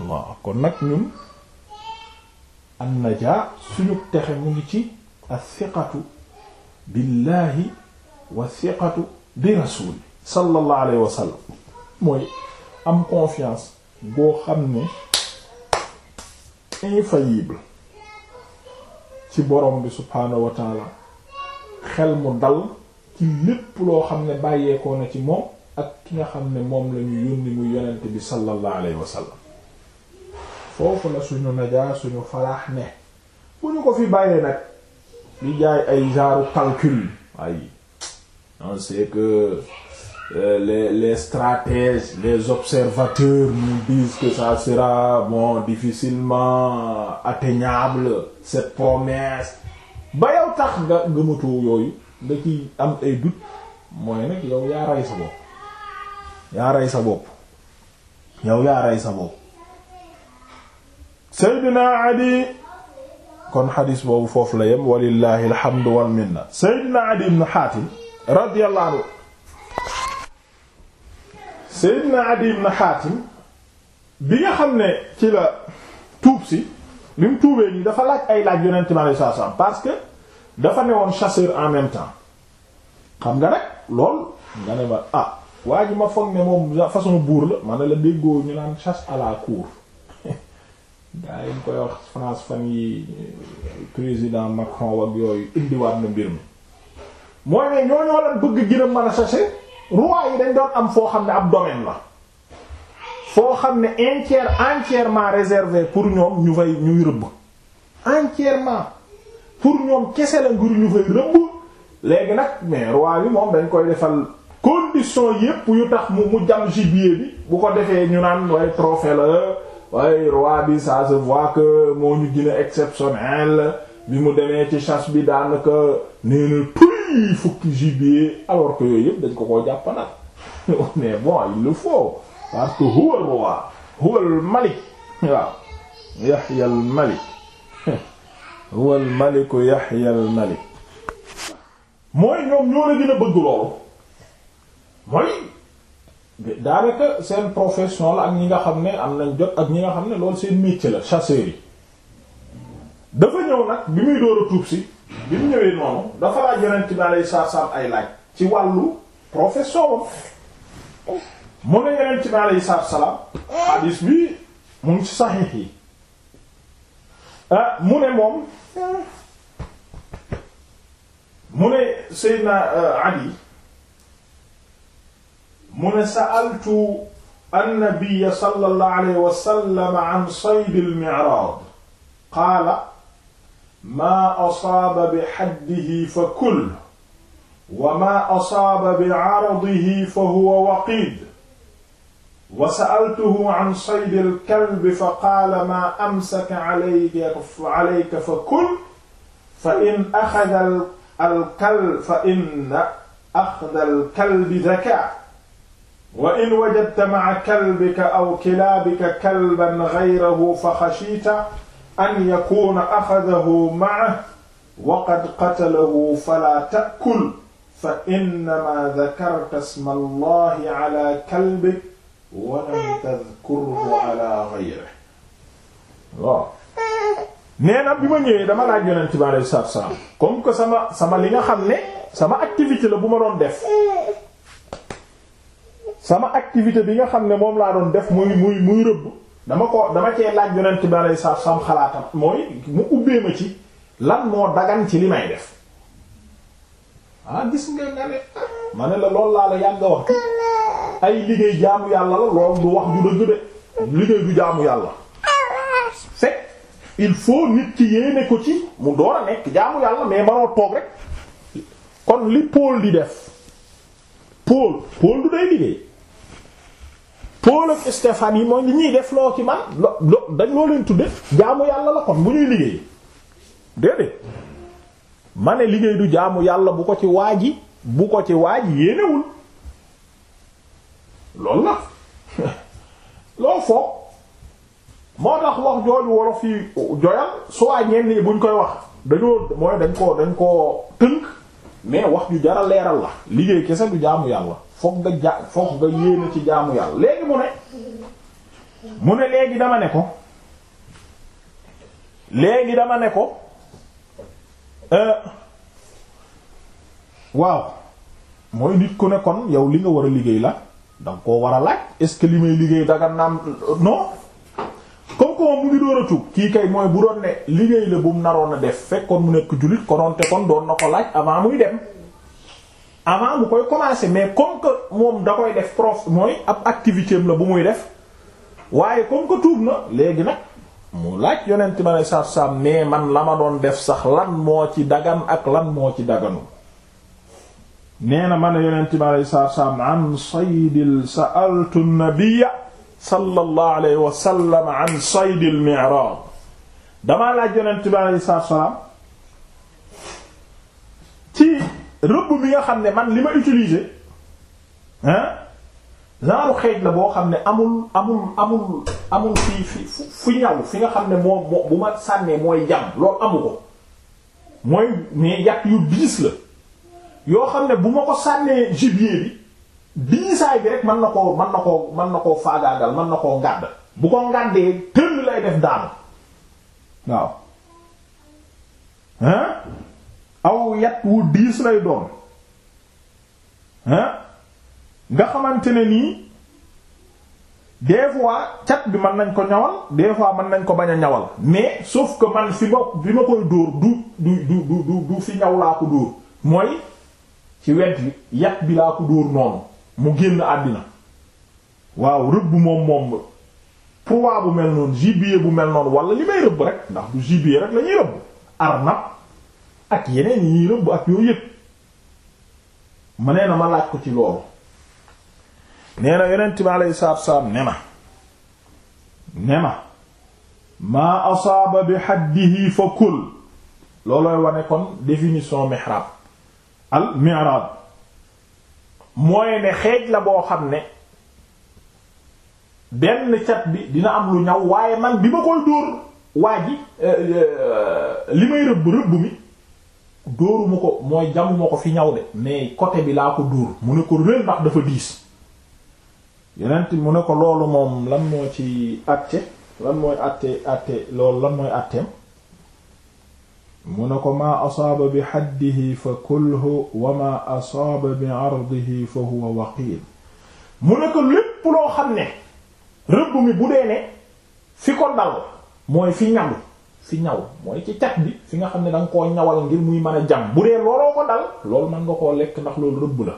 Allah kon nag ñun an najaa suñu texe mu ngi ci as-siqatu billahi was-siqatu bi rasul sallallahu alayhi wa mooy am confiance goo xam ne infaillible ci borom bi subhaanahu wa xel mu dal ci lépp loo xam ne bàyyeekoo na ci moom ak ki nga xam ne moom la ñu yónni mu yonent bi sallallahu alayhi wa foofu la suñu najaa suñu falaax ne bu ñu ko fi bàyyee nag di jaay ay genre calcul ay on sait que euh, les les stratèges les observateurs nous disent que ça sera bon difficilement atteignable cette promesse ba yow tax nga gëmatoo yooyu nga ci am ay mooy nag yow yaa rey sa bopp yaa rey sa bopp yow yaa rey kon xadis boobu foofu la yem walillahi alhamdu wal minna Seydina Adi ibn Hatim radiyallahu anhu Seydina Adi ibn Hatim bi nga xam ne ci la tuub si bi mu tuubee nii dafa laaj ay laaj yonent mi alayhi salaam parce que dafa woon chasseur en même temps xam nga rek lool nga ne ma ah waa ma foog ne moom façon buur la ma ne la déggoo ñu naan chasse à la cour gaa yi koy wax France fan yi président Macron wak yooyu indiwaat na mbir mi mooy ne ñoo ñoo lan bëgg gën a mën a sase roi yi dañ doon am foo xam ne ab domaine la foo xam ne entière entièrement réservé pour ñoom ñu fay ñuy rëbb entièrement pour ñoom kese la ngir ñu fay rëbb léegi nag mais roi bi moom dañ koy defal condition yépp yu tax mu mu jam gibier bi bu ko defee ñu naan waaye trophée la waaye roi bi ça se voit moo ñu gën a exceptionnel bi mu demee ci chasse bi daanaka nee fukk gibier alors que yooyu yëpp dañ ko koo jàpp nag mais bon il faut parce que huwa roi huwa al malik waaw Yahya al malik huwa al malik Yahya al malik mooy ñoom ñoo la gën a bëgg loolu mooy daanaka seen profession la ak ñi nga xam ne am nañ jot ak ñi nga xam ne lool seen métier la chasseurs yi dafa ñëw nag bi muy door a tuub si bi mu ñëwee noonu dafa laaj yonent bi alayhi salaam ay laaj ci wàllu professeur mu ne yonent bi salaam hadis bi mu ngi ci saxiix yi ah, moom mu ne Seydina euh, Adi mu ne sa'altu an-nabiyya an sayd al-mi'rad maa asaaba bi xaddihi fa kul wa maa asaaba bi caradihi fa huwa waqiid wa sa'altuhu can saydi alkalbi fa qaala maa amsaka calayka fa kul fa in axada alkalb fa inna axda alkalbi zakaa wa in wajadta maca kalbika aw kilaabika kalban gayrahu fa xashiita an yakuuna axadahu ma'ahu wa qad qatalahu falaa ta'kul fa innamaa dakarta sma allahi ala kalbik wa lam tadkurhu ala ghayrihi waaw bi ma dama laaj yonent bi alayhi salaatu salaam comme que sama sama li nga xam ne sama activité la bu ma doon sama activité bi nga xam ne moom laa doon def muy muy muy dama ko dama cee laaj yonent bi aleyhi salaatu xalaatam mooy mu ubbee ma ci lan moo dagan ci li may def ah gis nga nga ne ma ne la lool laa la yàgg wax ay liggéey jaamu yàlla la loolu du wax ju dëgg de liggéey du jaamu yàlla c'est il faut nit ki yéene ko ci mu door a nekk jaamu yàlla mais manoo toog rek kon li Paul di def Paul Paul du day liggéey Paul ak Stéphane yi mooy li ñuy def loo ci man lo dañ loo leen tudde jaamu yàlla la kon bu ñuy liggéey déedéet ma ne liggéey du jaamu yàlla bu ko ci waaji bu ko ci waaji yéenewul loolu la loolu foog moo tax wax jooju wolof yi joyal soit ñenn yi buñ koy wax dañoo mooy dañ ko dañ ko tënk mais wax ju jaral leeral la liggéey kese du jaamu yàlla foog nga ja foog nga yéene ci jaamu yàlla léegi mu ne mu ne léegi dama ne ko léegi dama ne ko euh, waaw mooy nit ku ne kon yow li nga war a liggéey la danga koo war a laaj est-ce que li may liggéey daga naam non comme que mu ngi door a tuub kii kay mooy bu doon ne liggéey la bu mu naroon a def fekk kon mu nekk jullit konoon te kon doon na ko laaj avant muy dem avant mu koy commencer mais comme que moom da koy def prof mooy ab activité la bu muy def waaye comme que tuub na léegi nag mu laaj yonent ma ne saab mais man la ma doon def sax lan moo ci dagan ak lan moo ci daganu nee na man yonent ma ne saab-saab an saydil sa'altu nabiyya sallallahu alayhi wa sallam an saydil mi'raj damaa laaj yonent rëbb bi nga xam ne man li ma utiliser hein genre xeej la boo xam ne amul amul amul amul fi fi fu ñaw fi nga xam ne moo bu ma sànnee mooy jam loolu amu ko mooy mais yàq yu diis la yoo xam ne bu ma ko sànnee gibier bi bi rek mën na ko mën na koo mën na koo faagaagal mën na koo ngàdd bu ko ngàddee tëll lay def daanu waaw hein aw yat wu diis lay doon ah nga xamante ne nii des fois cat bi mën nañ ko ñawal des fois mën nañ ko bañ a ñawal mais soof ko man fi ma bi ma koy dóor du du du du du fi ñaw laa ko dóor mooy ci wet bi yat bi laa ko dóor noonu mu génn àddina waaw rëbb moom moom proie bu mel noonu gibier bu mel noonu wala li may rëbb rek ndax du gibier rek la rëbb arnab ak yeneen yi ñuy rëbb ak yooyu yëpp ma nee na ma laaj ko ci loolu nee na yonent bi alayhi salaatu ne ma ne ma maa asaaba bi xaddihi fa kul loolooy wane kon définition mihrab al mi'raj mooy ne xeej la boo xam ne benn cat bi dina am lu ñaw waaye man bi ma koy dóor waa ji euh, euh, li may rëbb rëbb mi dóoruma ko mooy jamuma ko fi ñaw de mais côté bi laa ko dóor mu ne ko rël ndax dafa diis yenent mu ne ko loolu moom lan moo ci àtte lan mooy àtte loolu lan mooy àtteem mu ne ko maa asaaba bi xaddihi fa kulhu wa maa asaaba bi ardihi fa huwa waqiil mu ne ko lépp loo xam ne rëbb mi bu dee ne fi ko dal mooy fi ñaw fi ñaw mooy ci cat bi fi nga xam ne da koo ñawal ngir muy mën a jam bu dee looloo ko dal loolu mën nga koo lekk ndax loolu rëbb la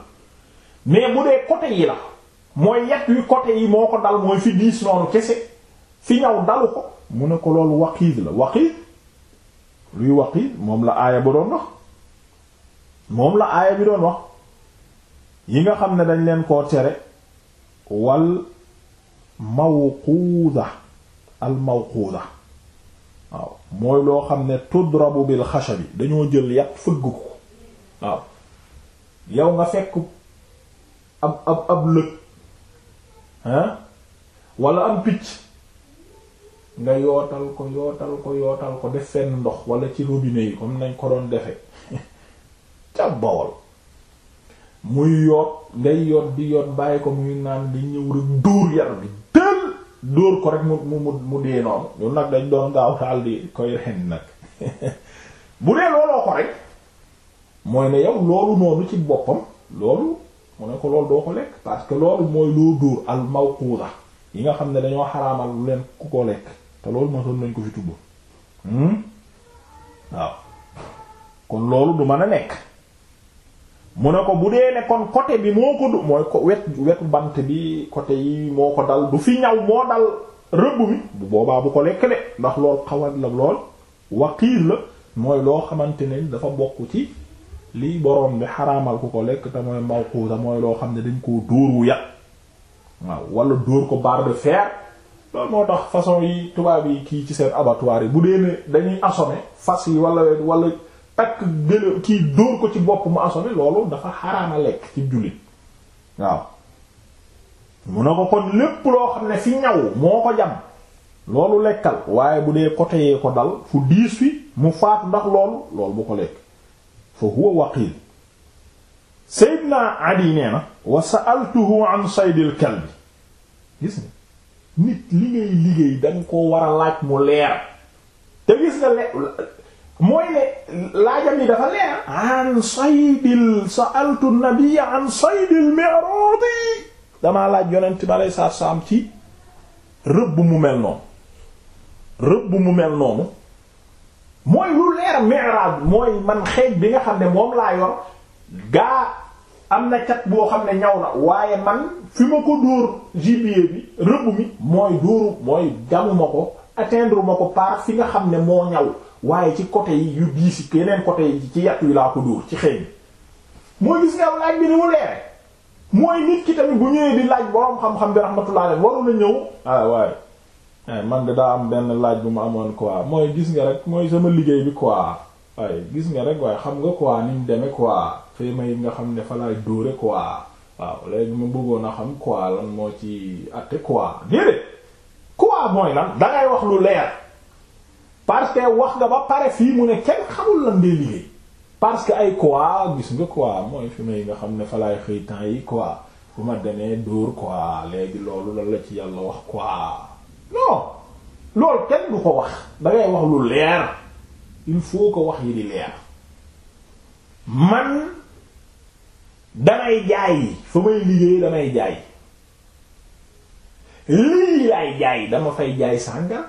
mais bu dee côté yi la mooy yat wi côté yi moo ko dal mooy fi diis noonu kese fi ñaw dalu ko mu ne ko loolu waqiid la waqiid luy waqiid moom la aaya ba doon wax moom la aaya bi doon wax yi nga xam ne dañ leen koo tere wal mawquuda al mawquuda waaw mooy loo xam ne tudrabu bil xashabi dañoo jël yat fëgg ko waaw yow nga fekk ab ab ab lëg hein wala am picc nga yootal ko yootal ko ko def fenn ndox wala ci robinet yi comme nañ ko doon defe ca Bawol muy yoot ngay yoot di yoot bàyyi ko muy naan di ñëw rek dóor yar bi dóor ko rek mu mu mu dee noonu ñun nag dañ doon gaaw taal di koy ren nag bu dee looloo ko rek mooy ne yow loolu noonu ci boppam loolu mu ne ko loolu doo ko lekk parce que loolu mooy loo dóor al mawquda yi nga xam ne dañoo xaraamal lu leen ku ko lekk te loolu mosoon nañ ko fi tudd hmm? waaw kon loolu du mën a nekk. mu ne ko bu dee ne kon côté bi moo ko du mooy ko wet wetu bant bi côté yi moo ko dal du fi ñaw moo dal rëbb mi bu boobaa bu ko lekk de ndax lool xawat la lool waqiil la mooy loo xamante ne dafa bokk ci lii boroom bi xaraamal ku ko lekk te mooy mawquuta mooy loo xam ne dañ koo dóor wu yàq waaw walla dóor ko barre de fer loolu moo tax façon yi tubaab yi kii ci seen abattoir yi bu dee ne dañuy assommer fas yi wala walla takk gël kii dóor ko ci bopp mu assommé loolu dafa xaraama lekk ci jullit waaw mun na ko kon lépp loo xam ne fi ñaw moo ko jam loolu lekkal waaye bu dee côté ko dal fu diis fi mu faatu ndax loolu loolu bu ko lekk fa huwa waqiil Seydina Adi nee na wa sa'altuhu an saydil kalbi gis nga nit li ngay liggéey danga ko war a laaj mu leer te gis nga le mooy ne laajam yi dafa leer an saydil sa'altu an-nabiyya an saydil damaa laaj yonent bi aleyhi salaatu ci rëbb mu mel noonu rëbb mu mel noonu mooy lu leer mi'rad mooy man xeej bi nga xam ne moom laa yor gaa am na cat boo xam ne ñaw na waaye man fi ma ko dóor gibier bi rëbb mi mooy dóoru mooy damuma ko atteindre ma ko par fi nga xam ne moo ñaw waaye ci côté yi yu diisi yeneen côté yi ci yàtt wi laa ko dóor ci xëy mooy gis nga laaj bi ni mu leere mooy nit ki tamit bu ñëwee di laaj borom xam-xam bi rahmatullah alayhi waru na ñëw ah, eh, man de am benn laaj bu ma amoon quoi mooy gis nga rek mooy sama liggéey bi quoi waaye gis nga rek waaye xam nga quoi ni mu demee quoi fee may nga xam ne fa laay dóore quoi waaw léegi ma bëggoon a xam quoi lan moo ci atte quoi déedéet quoi mooy lan dangay wax lu leer. parce que wax nga ba pare fii mu ne kenn xamul lan ngay liggéey parce que ay quoi gis nga quoi mooy fi may nga xam ne fa laay xëy temps yi quoi bu ma demee dóor quoi léegi loolu lan la ci yàlla wax quoi non loolu kenn du ko wax dangay wax lu leer il faut que wax yi di leer man damay jaay fa may liggéey damay jaay lii laay jaay dama fay jaay sànga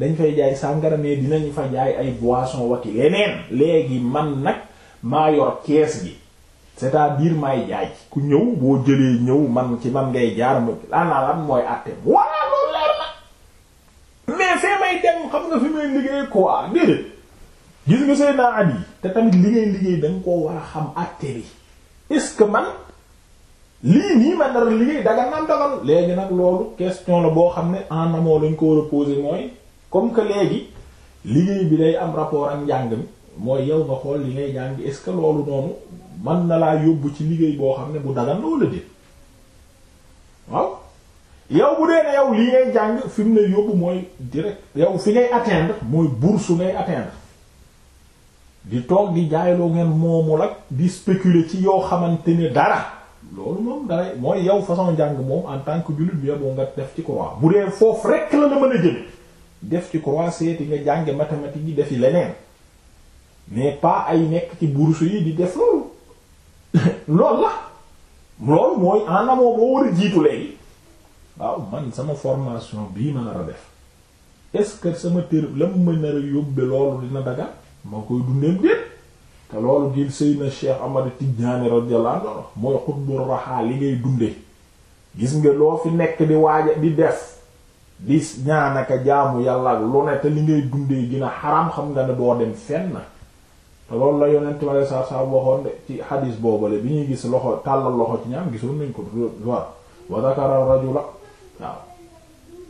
dañ fay jaay sàngara mais dinañ fa jaay ay boisson waki leneen léegi man nag maa yor kees gi c'est-à-dire maay jaay ku ñëw boo jëlee ñëw man ci man ngay jaar ma mooy àtte walla loolu mais fee may dem xam nga fi may liggéey quoi déedéet gis nga seen naa at yi te tamit li ngay liggéey danga koo war xam àtte bi que man lii naan dagal léegi nag loolu question la boo xam ne en lañ ko war a poser mooy comme que léegi liggéey bi day am rapport ak njàng mi mooy yow nga xool li ngay jàng est-ce que loolu noonu man na laa yóbbu ci liggéey boo xam ne bu dagan loola dé waaw yow bu dee ne yow li ngay jàng fi mu ne yóbbu mooy direct yow fi ngay atteindre mooy bourse ngay atteindre di toog di jaayloo ngeen moomu ak di spéculer ci yoo xamante ni dara loolu moom dara mooy yow façon jàng moom en tant que jullit bi boo nga def ci croix bu dee foofu rek la la mën a jëme def ci croix seeti nga jànge mathématiques yi defi leneen mais pas ay nekk ci bourse yi di def loolu loolu la loolu mooy en amoo war a jiitu léegi waaw man sama formation bii ma nar a def est-ce que sama tër la mu ma nar a yóbbe loolu dina daga ma koy dundeem déet te loolu di Seydina Cheikh Ahmad Tidiane radiyallahu anhu mooy xutbu raxaa li ngay dunde gis nga loo fi nekk di waaja di def di ñaanaka jaamu yàlla ak lu ne te li ngay dundee gën a xam nga ne boo dem fenn te loolu la yonent ma saa saa waxoon de ci xadiis boobale bi ñuy gis loxo tàllal loxo ci ñaan gisoon nañ ko waaw wa zakara rajula waaw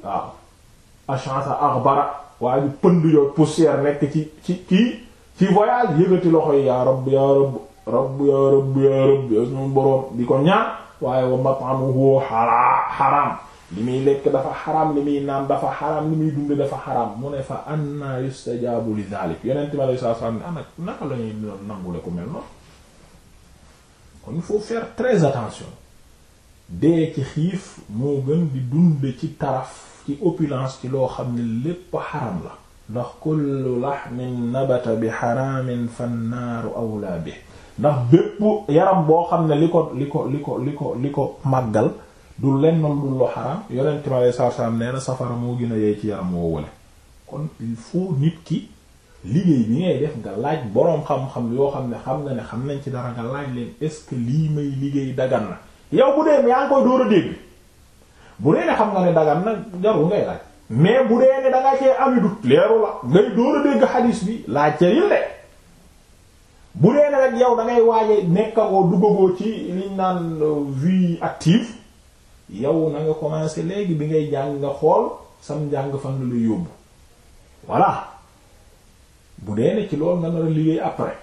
waaw ash'asa aghbara waaye ju pënd yooyu poussière nekk ci ci ci ci voyage yëgati loxo yi yaa rabb yaa rabb rabb yaa rabb yaa rabb yaa suñu boroom di ko ñaan waaye wa mat'amuhu xaraam li muy lekk dafa xaraam li muy naan dafa xaraam li muy dund dafa xaraam mu ne fa anna yustajabu li dhalik yonent mi alayhi salaam ne anak naka la ñuy nangule ku mel noonu kon il faut faire très attention dee ci xiif moo gën di dund ci taraf ci opulence ci loo xam ne lépp xaram la ndax kullu laxmin nabata bi xaraamin fannaaru awlaa bi ndax bépp yaram boo xam ne li ko li ko li ko li ko li ko màggal du lenn lu lu xaraam yonent mi alayhi salaatu salaam nee na safara moo gën a yey ci yaram woo wale kon il nit ki liggéey bi ngay def nga laaj boroom xam-xam yoo xam ne xam nga ne xam nañ ci dara nga laaj leen est que lii may liggéey dagan na yow bu dee yaa ngi koy dóor a dégg bu dee ne xam nga ne dagan na jarul ngay laaj mais bu dee ne da nga cee am i leeru la ngay dóor a dégg xadiis bi laaj bu dee nag yow da ngay waaye nekkagoo duggagoo ci liñ naan euh, vie active yow na nga commencé léegi bi ngay jàng nga xool sam jàng fan la lay yóbbu voilà bu dee ne ci loolu nga nar a liggéey après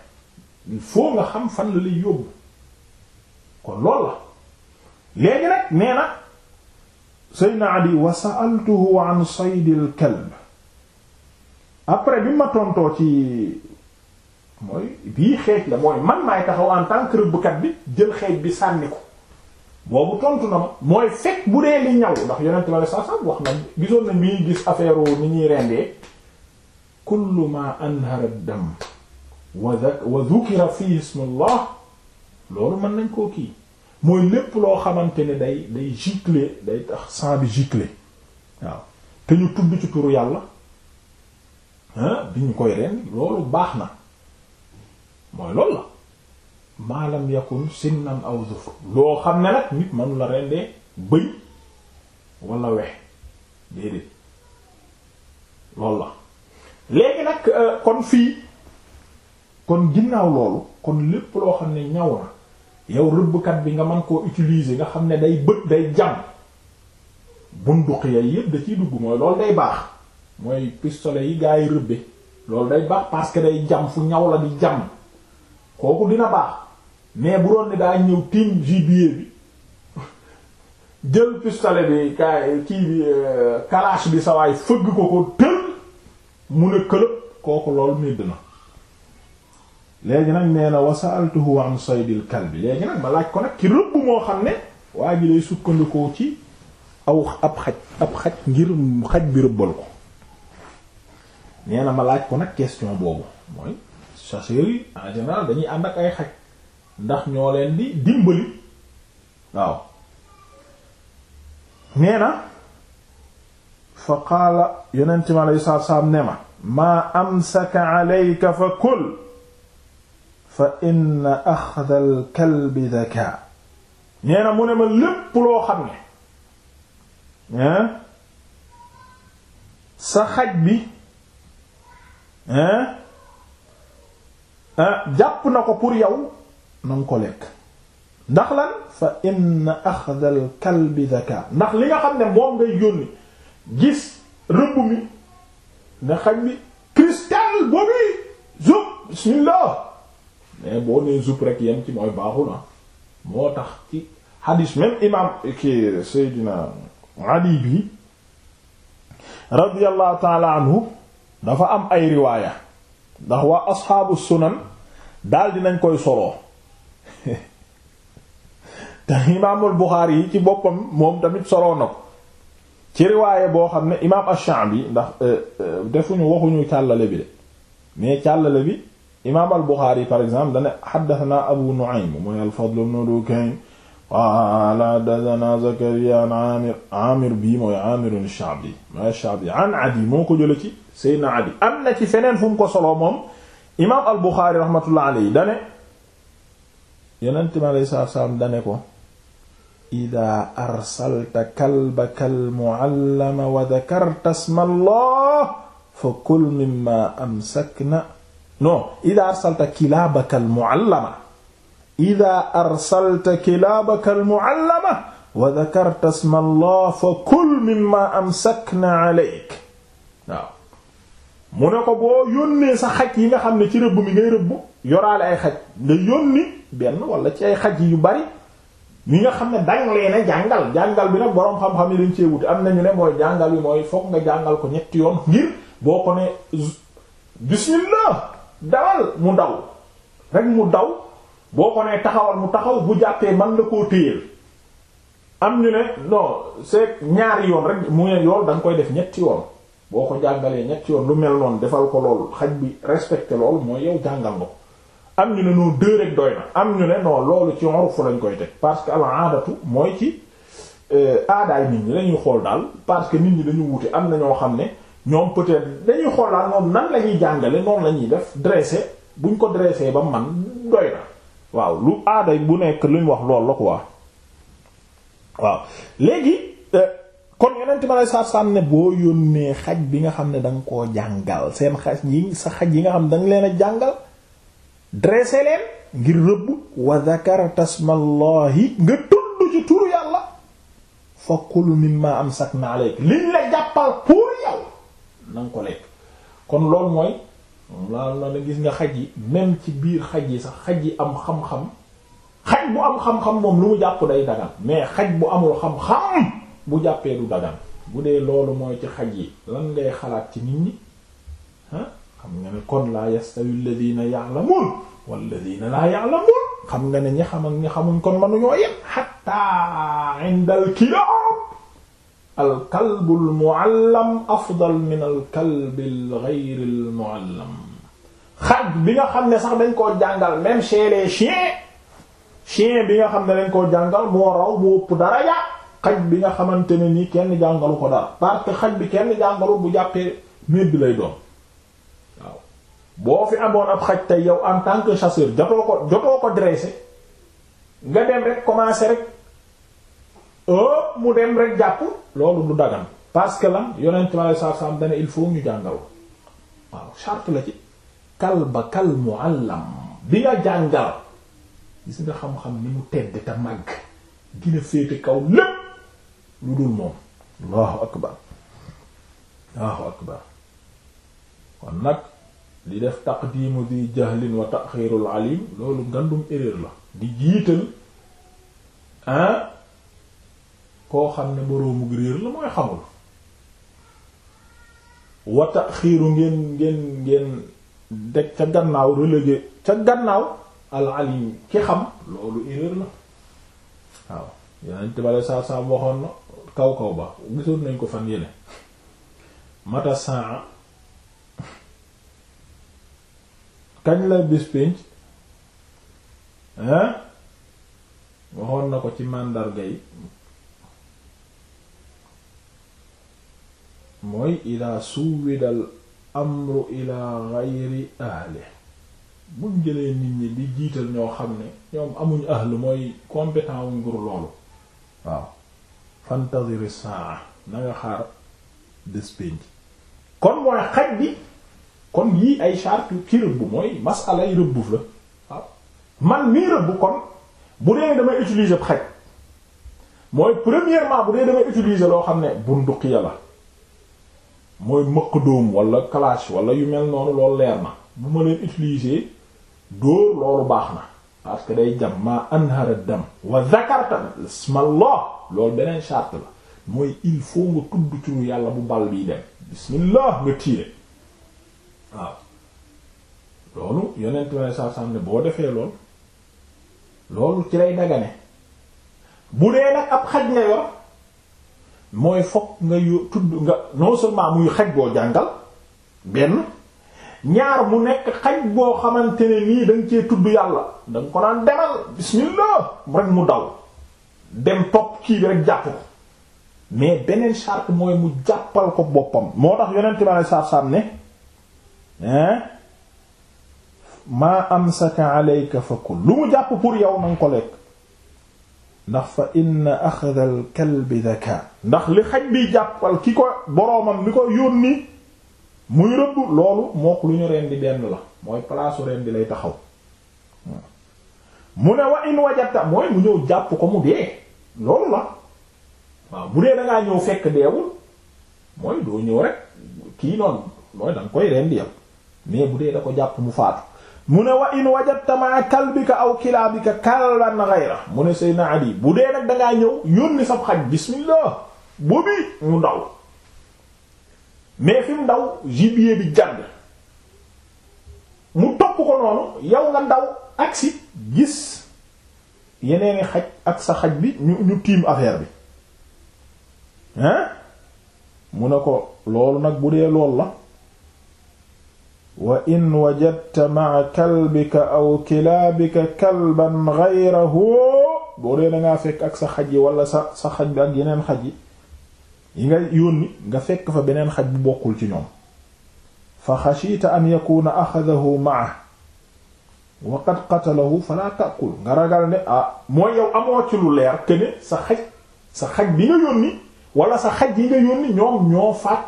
il nga xam fan la lay yóbbu kon loolu la léegi nag nee na saydna adi wa sa'altuhu an saydil kalb après bi ma tontoo ci mooy bii xeej la mooy man maay taxaw en tant que rëbbkat bi jël xeej bi sànni ko boobu tontu na ma mooy fekk bu dee li ñaw ndax yonent la saa saa wax na gisoon na bi gis affaire ni ñuy rendee kullu ma anhara dam wa dhukira fihi ismullah loolu mën nañ koo kii mooy lépp loo xamante ne day day gicler day tax sang bi gicler waaw te ñu tudd ci turu yàlla ah, bi ñu koy rend loolu baax na mooy lool la maalam yakun sinnan aw zufr loo xam ne nag nit mënu la rendee bëy wala wex déedéet loolu la léegi nag euh, kon fii kon ginnaaw loolu kon lépp loo xam ne ñaw na yow rëbbkat bi nga mën koo utiliser nga xam ne day bët day jam bunduq ya yépp da ciy dugg mooy loolu day baax mooy pistolet yi gaa yi rëbbe loolu day baax parce que day jam fu ñaw la di jam kooku dina baax mais bu doon ne daa ñëw tiim gibier bi jël pistolet bi ka kii bi euh, kalaas bi sawaay fëgg ko ko tël mu ne këlëb kooku lool midd na léegi nag nee na wasaltuhu an saydil bi léegi nag ma laaj ko nag ci rëbb moo xam ne waa ji lay sukkandikoo ci aw ab xaj ab xaj ngir xaj bi rëbbal ko nee na ma laaj ko nag question boobu mooy chasseurs yi en général dañuy ànd ak ay xaj ndax ñoo di dimbali waaw fa qaala yonent mi aleyhi salaatu salaam ma maa amsaka fa kul fa inna axda al daka nee mu ne ma lépp loo xam ne sa xaj bi hein Ah, jàpp na ko pour yow na nga ko lekk ndax lan fa inna axdal kalbi zaka ndax li nga xam ne moom ngay yónni gis rëbb mi nga xam ni cristal boobu zup bismillah mais boo nee zup rek yem ci mooy baaxul ah moo tax ci hadis même imam ki Seydina Ali bi radiyallahu anhu dafa am ay riwaaya ndax waa asxaabu sunan daal nañ koy soloo te imaamul Buxaari yi ci boppam moom tamit soloo na ko ci riwaaye boo xam ne imaam ash-Sha'bi ndax euh, euh, defuñu waxuñu càllale bi de mais càllale bi imaam al-Buxaari par exemple dana xaddathana Abu Nu'aym mooy al-Fadl ibn Dukayn qaala haddathana Zakariya an Aamir Aamir bii mooy Aamir ko jële ci Seydina Adi am na ci feneen fu ko soloo moom imaam al Buxaari rahmatullah alayhi dane yonent mi alayhi salaatu salaam dane ko idaa arsalta kalbaka al muallama wa dakarta isma Allah fa kul mimma amsakna non idaa arsalta kilaabaka al muallama idaa arsalta kilaabaka al muallama wa dakarta isma Allah fa kul mimma amsakna alayk waaw mu ne ko boo yónnee sa xaj yi nga xam ne ci rëbb mi ngay rëbb yoraale ay xaj nga yónni benn wala ci ay xaj yu bari yi nga xam ne dang leen a jàngal jàngal bi nag boroom xam-xam yi dañ cee wuti am nañu ne mooy jàngal bi mooy fokk nga jàngal ko ñetti yoon ngir boo ko ne mu daw rek mu daw boo ko ne mu taxaw bu jàppee man la koo téyeel am ñu ne non c'est ñaari yoon rek mu ne yool da koy def ñetti yoon boo ko jàngalee ñetti yoon lu mel noonu defal ko lool xaj bi respecté loolu mooy yow jàngal nga ko am ñu ne non deux doy na am ñu ne non loolu ci urfu lañ koy teg parce que al aadatu mooy ci euh, aadaay nit ñi dañuy xool daal parce que nit ñi dañu wuute am na ñoo xam ne ñoom peut-être dañuy xool daal moom nan la ñuy jàngale noonu la ñuy def dressé buñ ko dressé ba man doy na waaw lu aaday bu nekk luñ wax loolu la quoi waaw léegi. Euh, kon yonent ma lay sarsam ne boo yónnee xaj bi nga xam ne da nga koo jàngal seen xaj yi sa xaj yi nga xam ne da leen a jàngal dressé ngir rëbb wa dhakara tasmallahi nga tudd ci turu yàlla fa kulu mimma amsakna alayk liñ la jàppal pour yow na ko lekk kon loolu mooy laal na gis nga xaj yi même ci biir xaj yi sax xaj yi am xam-xam xaj bu am xam-xam moom lu mu jàpp day dagal mais xaj bu amul xam-xam bu jàppee du dagan bu dee loolu mooy ci xaj yi lan ngay xalaat ci nit ñi ah xam nga ne kon laa yastawi alladhina ya'lamun walladhina laa xam nga ne ñi xam ak xamuñ kon mënuñoo yem hatta 'inda al-kilaab al afdal min al-kalbi al xaj bi nga xam ne sax dañ koo jàngal même chez les chien bi nga xam ne dañ koo jàngal moo raw mu ëpp daraja xaj bi nga xamante ne nii kenn jàngalu ko dara parce xaj bi kenn jàngalu bu jàppee néeg bi lay doon waaw boo fi amoon ab xaj tey yow en tant que chasseur jotoo ko jotoo ko dressé nga dem rek commencé rek oh mu dem rek jàpp loolu du dagan parce que lan yonent mi alayhi salaatu salaam dana il faut ñu jàngal waaw charte la ci kalba kal muallam bi nga jàngal gis nga xam-xam ni mu tedd te màgg gina féete kaw lépp lu dul moom allahu akbar allahu akbar kon nag di def taqdimu di jahlin wa alim loolu ngandum erreur la di jiital ah koo xam ne boroomu réer la mooy xamul wa ngeen ngeen ngeen deg ca gannaaw relégué ca gannaaw al alim ki xam loolu erreur la waaw yeneen tibale saa saa waxoon na kaw kaw ba gisoon nañ ko fan yële mata saa kañ la bis pénc hein waxoon na ko ci màndarga yi mooy ila suwidal amru ila ghayri ahli buñ jëlee nit ñi di jiital ñoo xam ne ñoom amuñ ahlu mooy compétent wuñ ngir loolu waaw fantaziri saa na xaar des kon mooy xaj bi kon yii ay charte ki rëbb mooy masala yi rëbbuf la waaw man mii rëbb kon bu dee damay utiliser xaj mooy premièrement bu dee damay utiliser loo xam ne bunduqiya la mooy mëq dóom walla clash wala yu mel noonu loolu leer na bu ma leen utiliser dóor loolu baax na parce que day jam maa anhara dam wa zakarta bismillah loolu beneen charte la mooy il faut nga tudd turu yàlla bu bal bi dem bismillah nga tiire waaw loolu yonent ma ne saa boo defee lool loolu ci lay dagane bu dee nag ab xaj nga yor mooy fokk nga yo- tudd nga non seulement muy xaj boo jàngal benn ñaar mu nekk xaj boo xamante ne nii da cee tudd yàlla da ko naan demal bismillah rek mu daw dem topp kii bi rek jàpp ko mais beneen charte mooy mu jàppal ko boppam moo tax yonent bi alei satu salaam ne maa amsaka alayka fa kul lu mu jàpp pour yow na nga ko lekk ndax fa inna axada al kalbi ndax li xaj bi jàppal ki ko boroomam mi ko yónni muy rëbb loolu mook lu ñu rendi benn la mooy palaasu rendi lay taxaw mu ne wa in wajata mooy mu ñëw jàpp ko mu dee loolu la waaw bu dee da ñëw fekk deewul mooy doo ñëw rek kii noonu mooy da koy rendi yam mais bu dee da ko jàpp mu faatu mu ne wa in wajata ma kalbika aw kilaabika kalban ghayra mu ne Seydina Ali bu dee nag da ñëw yónni sab xaj bismillah boobi mu daw mais fi mu daw bi jàng mu topp ko noonu yow nga daw agsi gis yeneeni xaj ak sa xaj bi ñu ñu tiim affaire bi hein mu ne ko loolu nag bu dee lool la wa in wajadta maa kalbika aw kilaabika kalban gayrahu boo dee dangaa fekk ak sa xaj yi wala sa sa xaj bi ak yeneen xaj yi yi nga yónni nga fekk fa beneen xaj bu bokkul ci ñoom fa xashiita an yakuna axadahu maa wa qatalahu fala taakul nga ragal ne ah mooy yow amoo ci lu leer këne sa xaj sa xaj bi nga yónni wala sa xaj yi nga yónni ñoom ñoo faat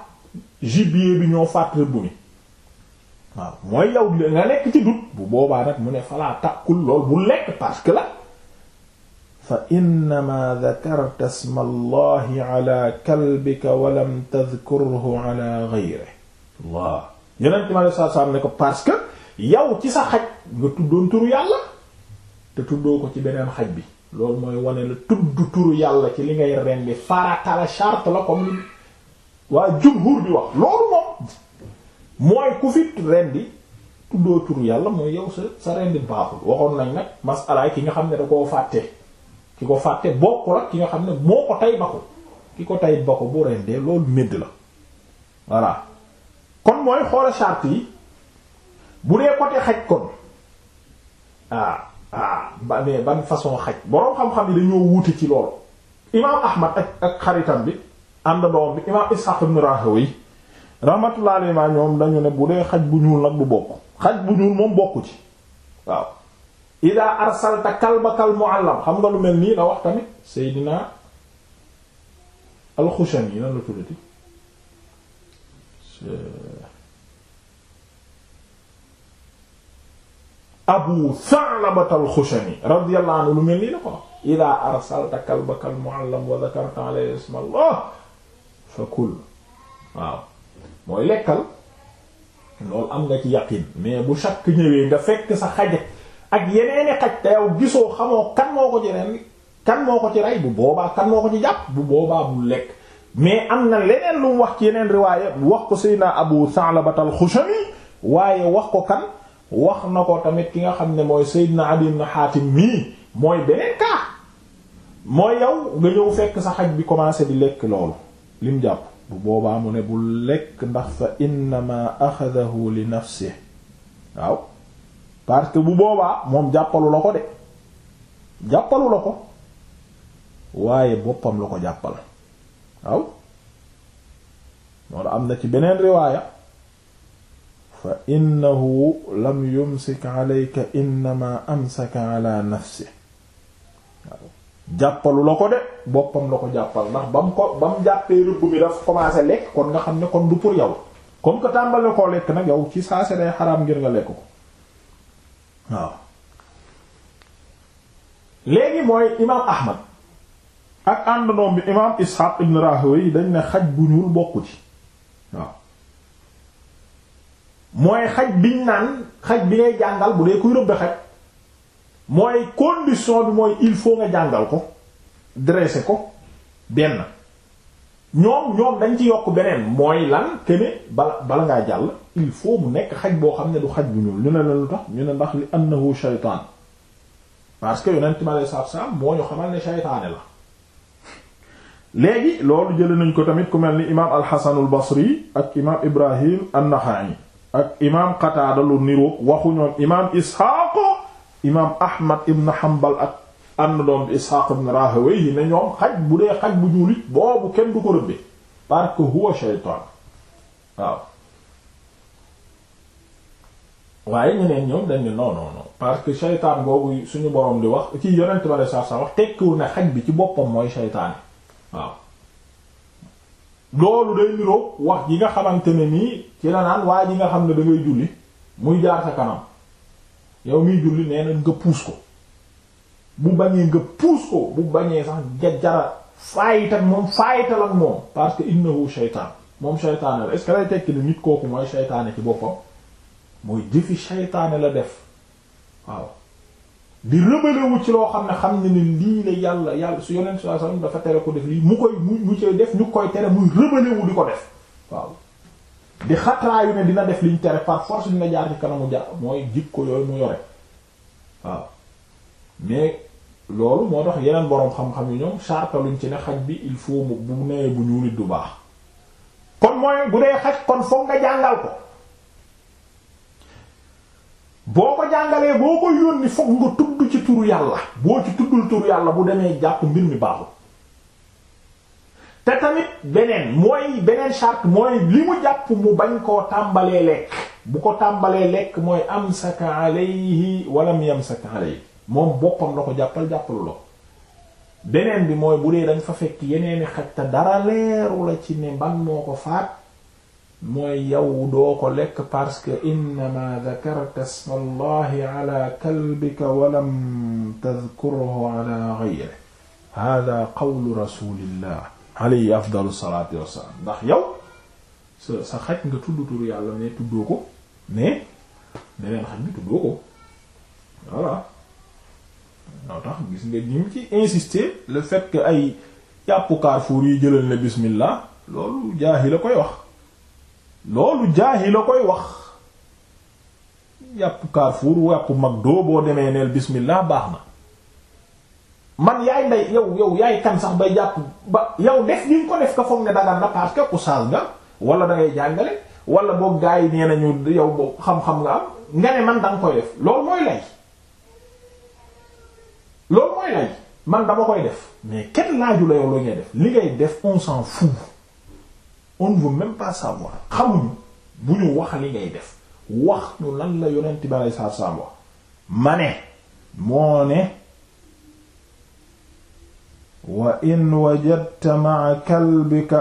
gibier bi ñoo faat rëbb mi waaw mooy yow nga nekk ci dut bu boobaa nag mu ne falaa taakul lool bu lekk parce que la fa innama dakarta ko parce que yow ci sa xaj nga tuddoon ci beneen xaj bi loolu yàlla ci li ngay jumhur bi wax loolu moom mooy ku fit tuddoo turu yàlla mooy yow sa sa baaxul waxoon nañ nag masalaay ki nga xam ne da koo fàtte ki ko fàtte bokkul ak ki nga xam ne boo ko tay ba ko ki ko tay ba ko bu rendee loolu médd la voilà kon mooy xoola charte yi bu dee côté xaj kon ah ah ba mais ban façon xaj boroom xam-xam yi dañoo wuute ci loolu imaam ahmad ak ak xaritam bi ànd doom bi imaam ishaq ibn rahawi rahmatullah alayhi ñoom dañu ne bu dee xaj bu ñuul nag bu bokk xaj bu ñuul moom bokku ci waaw idaa arsalta kalbakal muallam xam nga lu mel nii la wax tamit seydinaa alxushani lan la tuddati abu Sa'labata al-Khushani radiyallahu anhu lu mel nii la ko idaa arsalta kalbaka al-mu'allam wa dhakarta alayhi isma Allah fa kul waaw mooy lekkal loolu am nga ci yaqin mais bu chaque ñëwee nga fekk sa xaja ak yeneeni xaj te yow gisoo xamoo kan moo ko ci ren kan moo ko ci rey bu boobaa kan moo ko ci jàpp bu boobaa bu lekk mais am na leneen lu wax ci yeneen riwaaya wax ko Seydina Abu Sa'labat al-Khushani waaye wax ko kan wax na ko tamit ki nga xam ne mooy Seydina Adi ibn Hatim mii mooy beneen kaa mooy yow nga ñëw fekk sa xaj bi commencé di lekk loolu lim jàpp bu boobaa mu ne bu lekk ndax fa innama axadahu li nafsihi waaw parce que bu boobaa moom jàppalu la ko de jàppalu la ko waaye boppam la ko jàppal waaw loolu am na ci beneen riwaaya fa innahu lam yumsik alayka innama amsaka ala nafsi waaw jàppalu la ko de boppam la ko jàppal ndax ba mu ko ba mu jàppee rëbb bi daf commencé lekk kon nga xam ne kon du pour yow comme que tàmbali koo lekk nag yow ci saa si day xaraam ngir nga lekk ko waaw léegi mooy imaam Ahmad ak àndandoom bi imaam Ishaq ibn Rahawayh dañ ne xaj bu ñuul bokku ci waaw mooy xaj biñ naan xaj bi ngay jàngal bu dee kuy rëbb xaj mooy condition bi mooy il faut nga jàngal ko dresser ko benn ñoom ñoom dañ ci yokk beneen mooy lan te ne bala bala ngaa jàll il faut mu nekk xaj boo xam ne du xaj bu ñuul ñu ne la lu tax ñu ne ndax li anna shaytaan parce que yonent mi aleyhi salaatu salaam moo ñu xamal ne shaytaane la. léegi loolu jëlee nañ ko tamit ku mel ni imaam alxasanul basri ak imaam ibrahim annaxaani ak imaam qataada lu niru waxu ñoom imaam isxaaq imaam ahmad ibn hanbal ak. am na doom bi Ishaq ibn Rahawayh ne ñoom xaj bu dee xaj bu ñuul it boobu kenn du ko rëbbee parce huwa shaytaan waaw waaye ñeneen ñoom dañ ne non non non parce que shaytaan boobu suñu borom di wax ci yonent ba saa saa wax tekkiwul ne xaj bi ci boppam mooy shaytaan waaw loolu day niroog wax ji nga xamante ne nii ci la naan waa ji nga xam ne da ngay julli muy jaar sa kanam yow miy julli nee nga puus ko. bu bañee nga puus ko bu bañee sax jajjara faayit ak moom faayital ak moom parce que innahu shaytaan moom shaytaane la est-ce que lay tekki ni nit kooku mooy shaytaane ci boppam mooy jëfi shaytaane la def waaw di rëbalewu ci loo xam ne xam ne ni lii la yàlla yàlla su yonent sallallahu alayhi wasallam dafa tere ko def lii mu koy mu mu ci def ñu koy tere muy rëbalewu di ko def waaw di xatraayu ne dina def liñ tere par force dina jaar ci kanamu jaar mooy ko yooyu mu yore loolu moo tax yeneen boroom xam-xam yi ñoom sartaluñ ci ne xaj bi il faut mu bu nee bu ñuulit du baax kon mooy bu dee xaj kon foog nga jàngal ko boo ko jàngalee boo ko yónni foog nga tudd ci turu yàlla boo ci tuddul turu yàlla bu demee jàpp mbir mi baaxul te tamit beneen mooy beneen charte mooy li mu jàpp mu bañ koo tàmbalee lekk bu ko tàmbalee lekk mooy am amsaka alayhi walam yamsaka yi moom boppam la ko jàppal jàppalu la ko beneen bi mooy bu dee dañ fa fekk yeneeni xaj dara leeru la ci ne ban moo ko faat mooy yow doo ko lekk parce que innama dakarta isma allahi ala kalbika walam tadkurhu ala ghayri hada sa xaj nga tudd tur yàlla ne tuddoo ko mais beneen xaj bi tuddoo ko voilà noo tax gis nga ni mu ci insister le fait que ay yàppu Carrefour yi jëlal ne bismillah loolu jaahi la koy wax loolu jaahi la koy wax yàppu Carrefour yàppu McDo boo demee baax na man yaay nday yow yow yaay kan jàpp ba yow def li nga ne dagal na parce wala da ngay wala boog gars yi nee nañu yow boo xam-xam nga am nga ne man da nga koy def loolu mooy lay loolu mooy lay man dama koy def mais kenn laaju la yow loo ngay def li ngay def on s'en fout on ne veut même bu ñu wax li def wax ñu lan la yonent bi alei saatu salaam wax ma ne moo ne wa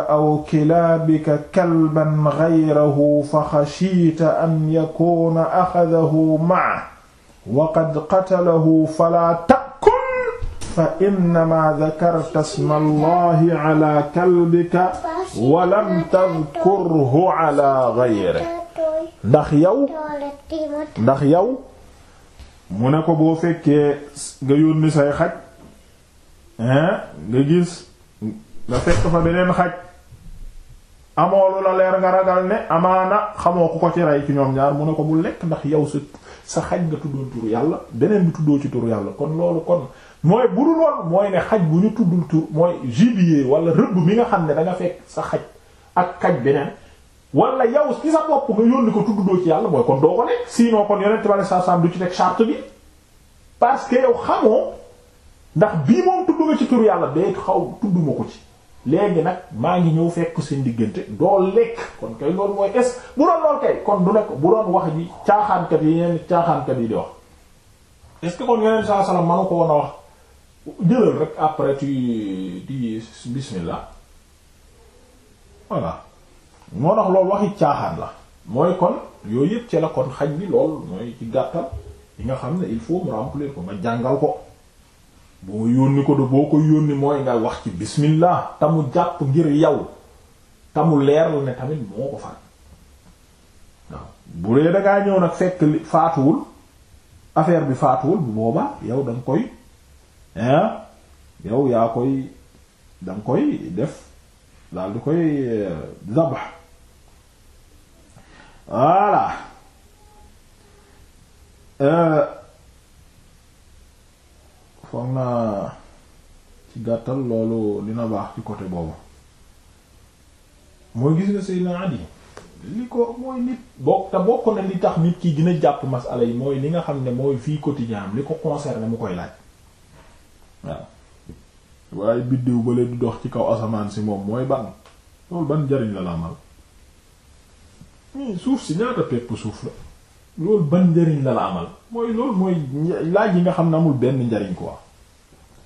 aw kilaabika kalban ghayrahu fa khashiita an yakuuna akhadahu ma'a wa qad qatalahu fala fa innama dakarta sma allahi ala kalbika wa ndax yow ndax yow mu ne ko boo fekkee nga yónni say xaj nga gis nga fekk fa beneen xaj amoolu la leer nga ragal ne amaana xamoo ku ko ci rey ci ñoom ñaar mu ne ko bu lekk ndax yow sa sa xaj nga tuddoon turu yàlla beneen bi tuddoo ci turu yàlla kon loolu kon mooy bu dul woon mooy ne xaj bu ñu tuddul tur mooy gibier wala rëbb bi nga xam ne da nga fekk sa xaj ak xaj beneen wala yow ci sa bopp nga yónni ko tuddudoo ci yàlla mooy kon doo ko lekk sinon kon yonent bi sallallahu alayhi wasallam du ci teg charte bi parce que yow xamoo ndax bii moom tudd nga ci tur yàlla bee xaw tudduma ko ci léegi nag maa ngi ñëw fekk seen diggante doo lekk kon kay loolu mooy kon du nekk bu doon wax ji caaxaankat yi yeneen yi di wax est ce que kon ko woon a wax jëlal rek après tu di bismillah voilà moo tax loolu waxi caaxaan la mooy kon yooyu yëpp ci xaj bi lool mooy ci gàttal yi nga xam ne il faut mu remplir ko nga jàngal ko boo yónni ko de boo ko yónni mooy nga wax ci bismillah te mu jàpp ngir yow te leer la ne tamit moo ko faat waaw bu dee dangaa ñëw nag fekk faatuwul affaire bi faatuwul bu boobaa yow danga koy Eh? yow yaa koy danga koy def daal di koy eh, zabax voilà eh, foog naa ci gàttal loolu dina baax ci côté boobu mooy gis nga Seydina Ali li ko mooy nit bokk te bokk na li tax nit ki dina jàpp masala yi mooy li nga xam ne mooy fii quotidien am li ko concerné mu koy laaj waaw waaye biddiw ba leen di dox ci kaw asamaan si moom mooy ban loolu ban njariñ la la amal hmm. suuf si ñaata pepp la loolu ban mooy loolu mooy laaj yi nga xam ne amul benn njariñ quoi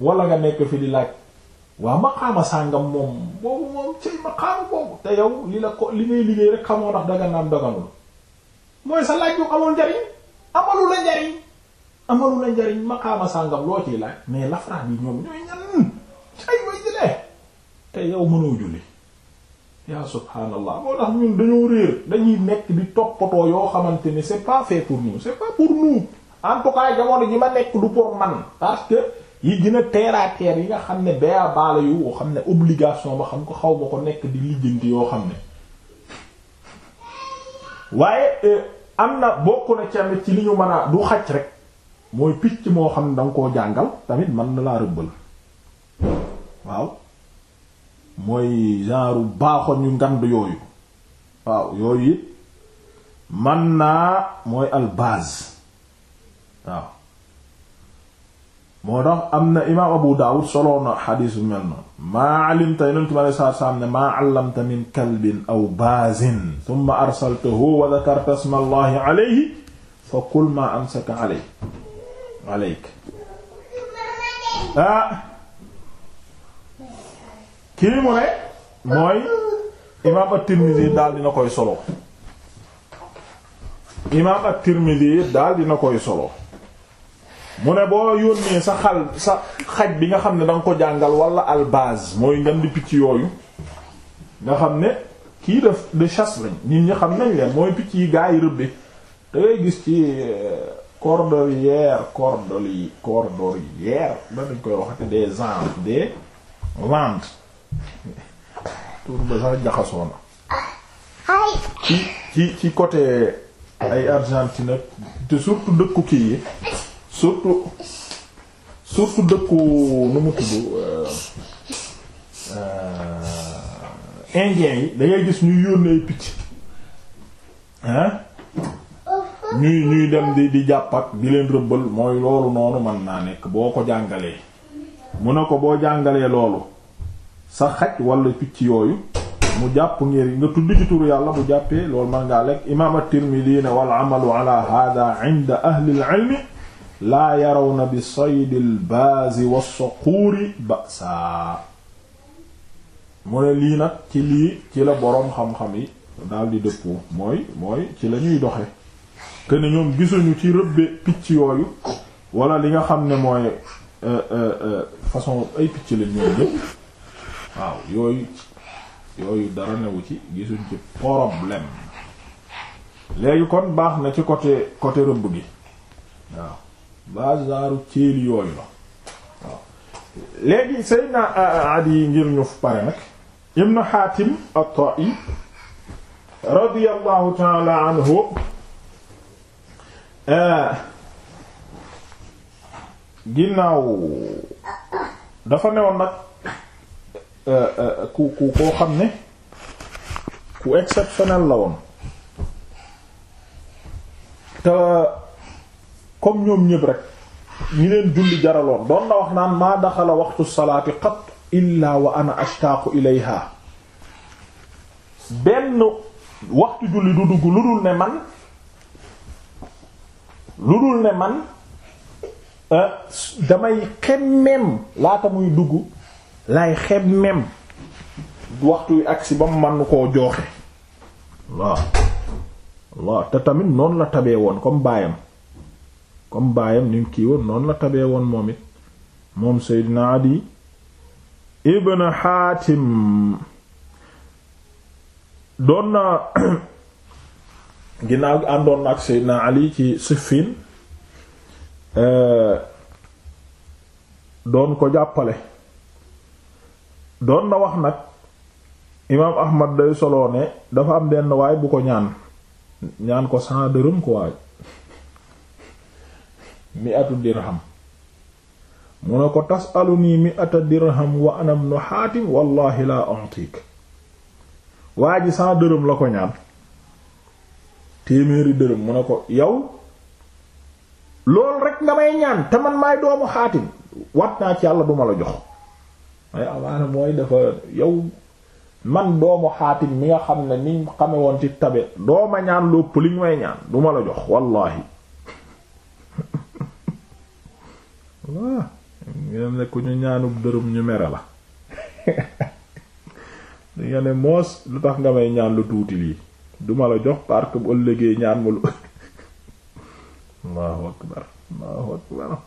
wala nga nekk fi di laaj waa maqaama sàngam moom boobu moom cay maqaama boobu te yow li la ko li ngay liggéey rek xamoo ndax daga naam daganul mooy sa laaj yu amoon njariñ amalu la njariñ amalu la njariñ maqaama sàngam loo ciy laaj mais lafraan yi ñoom ñooy ñan ay te yow mënoo julli yaa subhaanallah moo tax ñun dañoo réer dañuy nekk di toppatoo yoo xamante ni c'est pas fait pour nous c'est pas pour nous en jamono ji ma nekk du pour man parce que yi gën a terre yi nga xam ne baa baala yu yoo xam ne obligation ba xam ko xaw ma ko nekk di lijjanti yoo xam ne waaye euh, am na bokk na ci amit ci li ñu mën a du xaj rek mooy picc moo xam ne danga ko jàngal tamit mën na laa rëbbal waaw mooy genre baaxoon yu ngand yooyu waaw yooyu it mën naa mooy albaz waaw moo tax am na imaam Abu Dawud soloon na xadiis bu mel noonu maa alimta yeneen ci min kalbin aw baazin thumma arsaltahu wa dhakarta isma Allahi alayhi fa kul maa amsaka alayhi aleyk ah kii mu ne mooy imaam at-Tirmidhi daal dina koy solo imaam at-Tirmidhi daal dina koy solo mu ne boo yónnee sa xal sa xaj bi nga xam ne da nga ko jàngal wala albaz mooy ngeen di picc yooyu nga xam ne kii def de chasse lañ nit ñi xam nañ leen mooy picc yi gaa yi rëbbe te ngay gis ci cordelière cordelier cordelière danañ koy waxati des ventes des ventes tur ba sax jaxasoo na ci ci ci côté ay Argentine te surtout dëkku kii yi surtout surtout dëkku nu mu tudd euh, euh, indiens yi da ngay gis ñuy yónnee picc hein ñuy ñuy dem di di jàpp ak di leen rëbbal mooy loolu noonu mën naa nekk boo ko jàngalee mu ne ko boo jàngalee loolu sa xaj wala picc yooyu mu jàpp ngir nga tudd ci turu yàlla bu jàppee loolu mën ngaa lekk imaam at-Tirmidhi ne wal amalu ala hada ahli al-ilmi laa yarawna bi sayd al-baazi was-suquuri ba'sa mu ne lii nag ci lii ci la boroom xam-xam yi dal di dëppoo mooy mooy ci la ñuy doxe que ne ñoom gisuñu ci rëbbe picc yooyu wala li nga xam ne mooy euh, euh, euh, façon ay picc lañ ñoom ñëpp waaw yooyu yooyu dara newu ci gisuñ ci problème léegi kon baax na ci côté côté rëbb gi waaw ba zaaru céeli yooyu la waaw léegi Seydina Adi yi ngir ñu pare nag Ibn Hatim at-Ta'i radiyallahu ta'ala anhu Euh, ginnaaw dafa newoon nag euh, euh, ku ku koo xam ne ku exceptionnel la woon te comme ñoom ñëpp rek ñi leen julli jaraloon doon na wax naan maa daxala waxtu salaati qat illa wa ana ashtaqu ilayha benn waxtu julli du dugg lu dul ne man lu dul ne man euh, damay xemmeem laata muy dugg lay xemmeem waxtu wi agsi ba mu man koo jooxe waaw waaw te tamit noonu la tabee woon comme baayam comme baayam ni mu kii woon noonu la tabee woon moom it moom Seydina Adi ibn Hatim doon na ginnaaw gi àndoon na ak Seydina Ali ci Siffin euh, doon ko jàppale doon na wax nag imaam Ahmad day soloo dafa am benn waay bu ko ñaan ñaan ko cent dërëm quoi mi atu dirham mu ne ko tasalu nii mi ata dirham wa anam nu xaatim wallahi la antik waa ji cent la ko ñaan téeméeri dërëm mu ne ko yow lool rek nga may ñaan te man maay doomu xaatim wat naa ci yàlla duma la jox may amaana mooy dafa yow man doomu xaatim mi nga xam ne niñ xame woon ci tabe dooma ñaan lopp liñ may ñaan duma la jox wallaahi waa ngi ne ku ñu ñaanub dërëm ñu mere la dinga ne moos lu tax nga may ñaan lu tuuti lii duma la jox parce que bu ëllëgee ñaan ma allahu akbar allahu akbar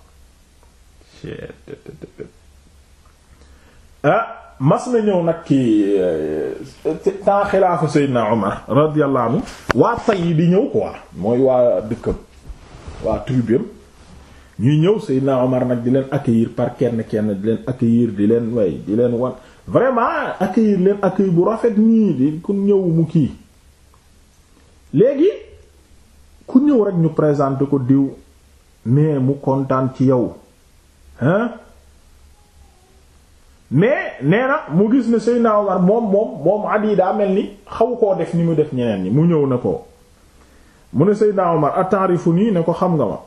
ah mas na ñëw nag ki eh, temps xilaafu Seydina Omar radiyallahu anhu waa tay di ñëw quoi mooy waa dëkkam waa tribum ñuy ñëw Seydina Omar nag di leen accueillir par kenn kenn di leen accueillir di leen way di leen wan vraiment accueillir leen accueil bu rafet nii di ku ñëw mu kii léegi ku ñëw rek ñu présenter ko diw mais mu kontaan ci yow hein mais nee na mu gis ne Seydina Omar moom moom moom adi mel ni xaw koo def ni mu def ñeneen ñi mu ñëw na ko mu ne Seydina Omar atarifu nii ne ko xam nga ma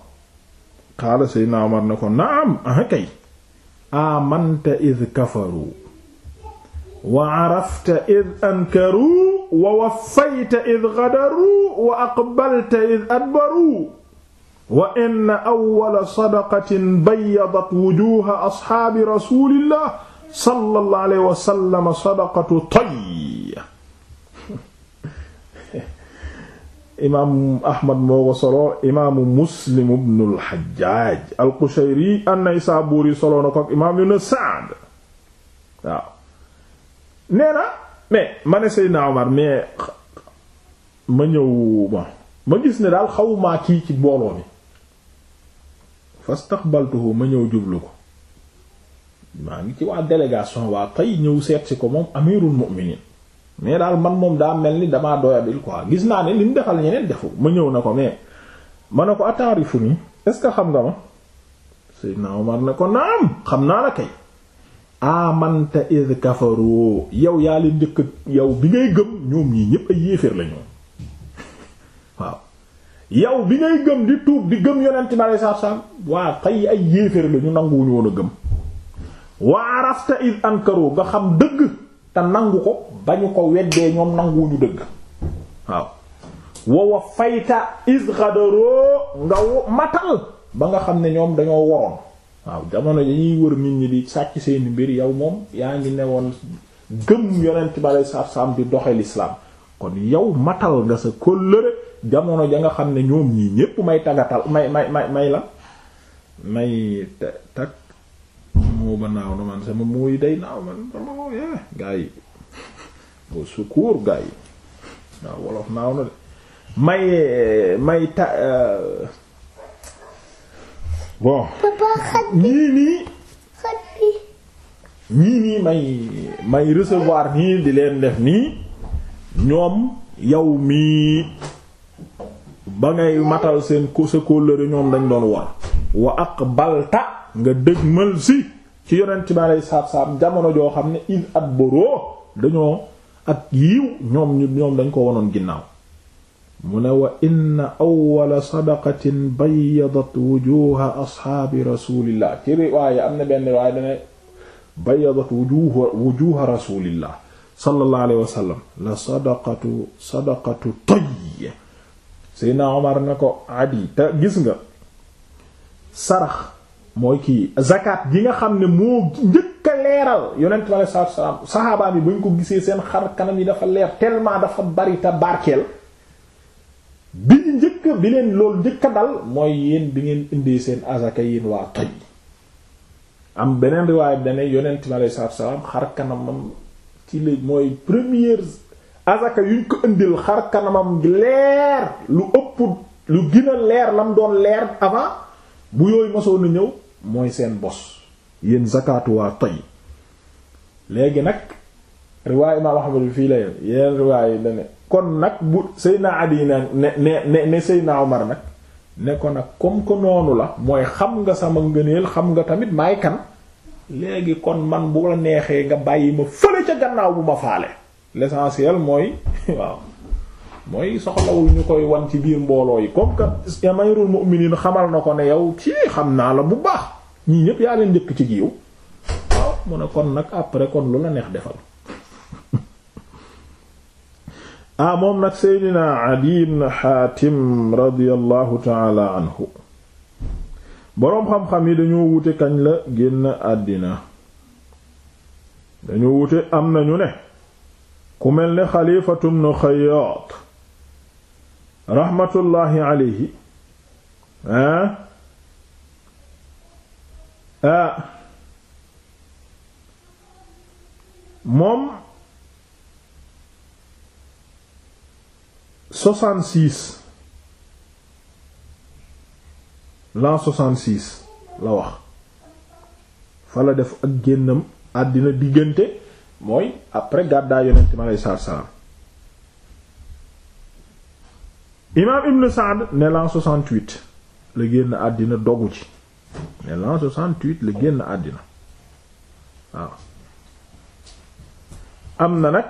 xaala Seydina Omar ne ko naam ah kay amanta iz kafaru wa carafta id ankaruu wa waffayta id gadaruu wa aqbalta id adbaruu wa inna awwala sadaqatin bayyadat wujuuha asxaabi rasuulillah sallallahu alayhi wa sallam sadaqatu tay imaam Ahmad moo ko solo imaamu Muslim ibnu al-Hajjaaj al-Qushayri an-Naysaabuuri solo na ko imaam Ibnu Sa'd waaw nee na mais ma ne Seydina Omar mais ma ñëw ma ma gis ne daal xawumaa kii ci mbooloo mi fastaqbaltuhu ma ñëw jublu ko maa ngi ci waa délégation waa tey ñëw seet si ko moom amirul mu'minin mais daal man moom daa mel ni damaa doyadil quoi gis naa ne li mu defal ñeneen defu ma ñëw na ko mais ma ne ko ataarifu nii est ce que xam nga ma Seydina Omar ne ko naam xam naa la kay amanta iz kafaru yow yaa leen njëkk yow bi ngay gëm ñoom ñii ñépp ay yéeféer lañu waaw yow bi ngay gëm di tuub di gëm yonent bi aleyhi salaatu salaam waa tey ay yéeféer lañu nanguwuñu woon a gëm wa arafta iz nga xam dëgg te nangu ko bañu ko weddee ñoom nanguwuñu dëgg waaw wa wa fayta iz ghadaru nga matal ba nga xam ne ñoom dañoo woroon waaw jamono dañuy wër nit ñi di sàcc seeni mbir yow moom yaa ngi newoon gëm yonent bale saab-saam di doxe lislaam kon yow matal nga sa kóllëre jamono ja nga xam ne ñoom ñii ñépp may tagatal may may may may la may tag moo ba naaw na man sama mooy day naaw man sama mooy eh, gaa yi au secours gaa yi waaw wolof naaw na de may eh, may ta eh, bon ñii nii ñii nii may may recevoir nii di leen def nii ñoom yow mii ba ngay matal seen ko sa kóllëre ñoom dañ doon war wa aqbalta nga dëgmal si ci yonent bi alei saab-saab jamono joo xam ne id at boroo dañoo ak yiiw ñoom ñoom dañ ko wonoon ginnaaw mu ne wa inna awwala sadaqatin bayyadat wujuha asxaabi rasulillah ci riwaaya am na benn riwaaya dane bayyadat wujuha wujuha rasulillah sallallahu alayhi wa sallam la sadaqatu sadaqatu toy Seydina ko adi te gis nga sarax mooy kii zakat gi nga xam ne moo njëkk a leeral yonent bi alei salaatu wa salaam saxaabaa bi buñ ko gisee seen xar kanam yi dafa leer tellement dafa bari te barkeel bi ñu njëkka bi leen loolu njëkka dal mooy yéen bi ngeen indee seen azaka yéen waa toj am beneen riwaay bi dane yonent mi alei salaatu salaam xar kanamam ci la mooy première azaka yuñ ko indil xar kanamam leer lu ëpp lu gën a leer lam doon leer avant bu yooyu masoon a ñëw mooy seen bos yéen zakaatu waa toj léegi nag riwaay imaam Ahmad bi fii la yeneen riwaay yi kon nag bu Seydina Ali ne ne ne ne Seydina Omar nag ne ko nag comme que noonu la mooy xam nga sama ngëneel xam nga tamit maay kan léegi kon man bu la neexee nga bàyyi ma fële ca gannaaw bu ma faale l'essentiel mooy waaw mooy soxlawul ñu koy wan ci biir mbooloo yi comme que mu mu'minin xamal na ko ne yow ci xam naa la bu baax ñii ñépp yaa leen njëkk ci giiw waaw mu ne kon nag après kon lu la neex defal ah moom nag seydina Adi ibn Xaatim radiyallahu taala anhu boroom xam-xam yi dañu wute kañ la génn àddina dañu wute am nañu ne ku mel ne Xalifatu ibn Xayyaat raxmatullaahi alayhi ah ah moom soixante-six la wax fa def ak génnam àddina diggante mooy après gàddaay yonent mi aleyhi salaatu salaam imaam Ibn Sa'd ne l'an la génn àddina dogu ci ne l'an la génn àddina waaw am na nag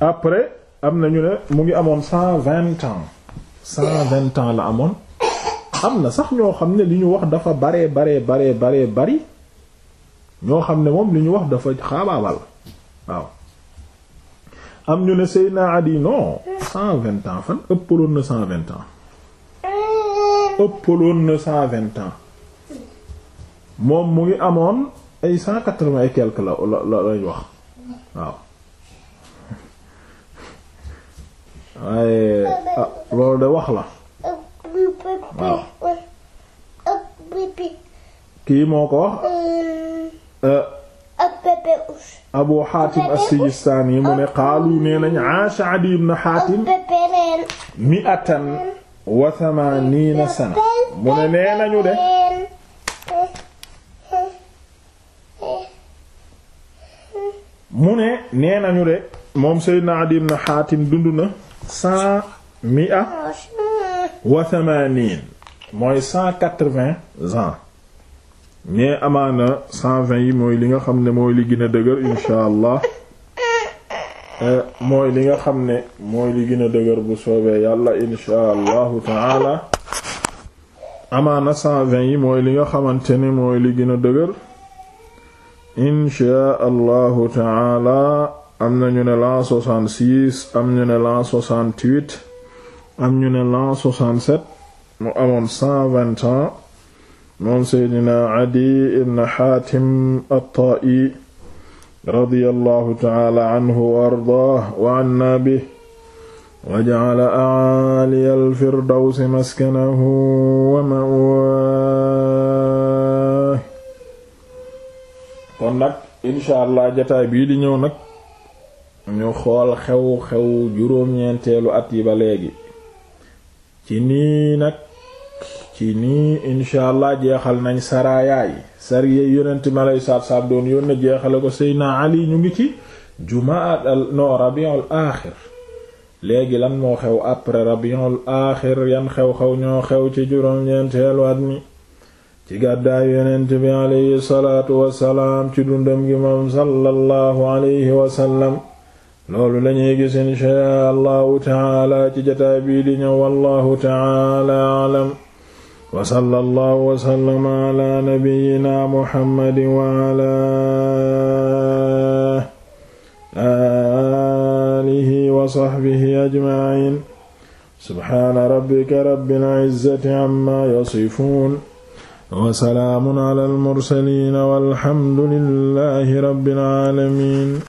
après am na ñu ne mu ngi amoon cent vingt ans cent vingt ans la amoon am na sax ñoo xam ne li ñu wax dafa baree baree baree baree bari ñoo xam ne moom li ñu wax dafa xaabaabal waaw am ñu ne Seydina naa non cent vingt ans fan ëppaloon na cent vingt ans ëppaloon na cent vingt ans moom mu ngi amoon ay cent quatre-vingt et quelque la la lay wax waaw waaye ah, loolu de wax la waaw kii moo ko wax eh, abu xaatim as-sijistaani mu ne qaalu nee nañ aasha adi ibn xaatim mi'atan wa thamaaniina sana mu ne nee nañu de mu ne nee nañu de moom seydina adi ibn xaatim dund na cent mia wa thamaaniin mooy cent quatre-vingts ans mais amaana cent vingt yi mooy li nga xam ne mooy li gën dëgër insha allah euh, mooy li nga xam ne mooy li gën a dëgër yàlla insha allahu taala amaana cent vingt yi mooy li nga xamante ne mooy li gën a dëgër insha allahu taala am na ñu ne l'an 66 am ñu ne l'an 68 am ñu ne l'an 67 mu amoon 120 ans Adi ibn Xaatim at-Taa'i radiyallahu ta'ala anhu wa ardaahu wa anna bihi wa ja'ala a'aaliya al-firdawsi maskanahu di ñëw nag ñu xool xew-xew juróom-ñeenteelu at yi ba léegi ci nii nag ci nii incha allah jeexal nañ saraayaay sariye yonent ma lay saab-saab doon yónne jeexale ko Seydina Ali ñu ngi ci jumaat al no rabiul aaxir léegi lan moo xew après rabiul aaxir yan xew-xew ñoo xew ci juróom-ñeenteelu at mi ci gàddaay yonent bi aleyhi salaatu wasalaam ci dundam gi moom sallallahu alayhi wasallam loolu lañuy gis inshaa allahu taala ci jataay bii di ñëw wallahu taala alam wa sallallahu wa sallama ala nabiyyina muhammadin wa ala alihi wa sahbihi ajma'in subhaana rabbika rabbil izzati amma yasifun wa salaamun ala al mursaliin walhamdulillahi rabbil aalamiin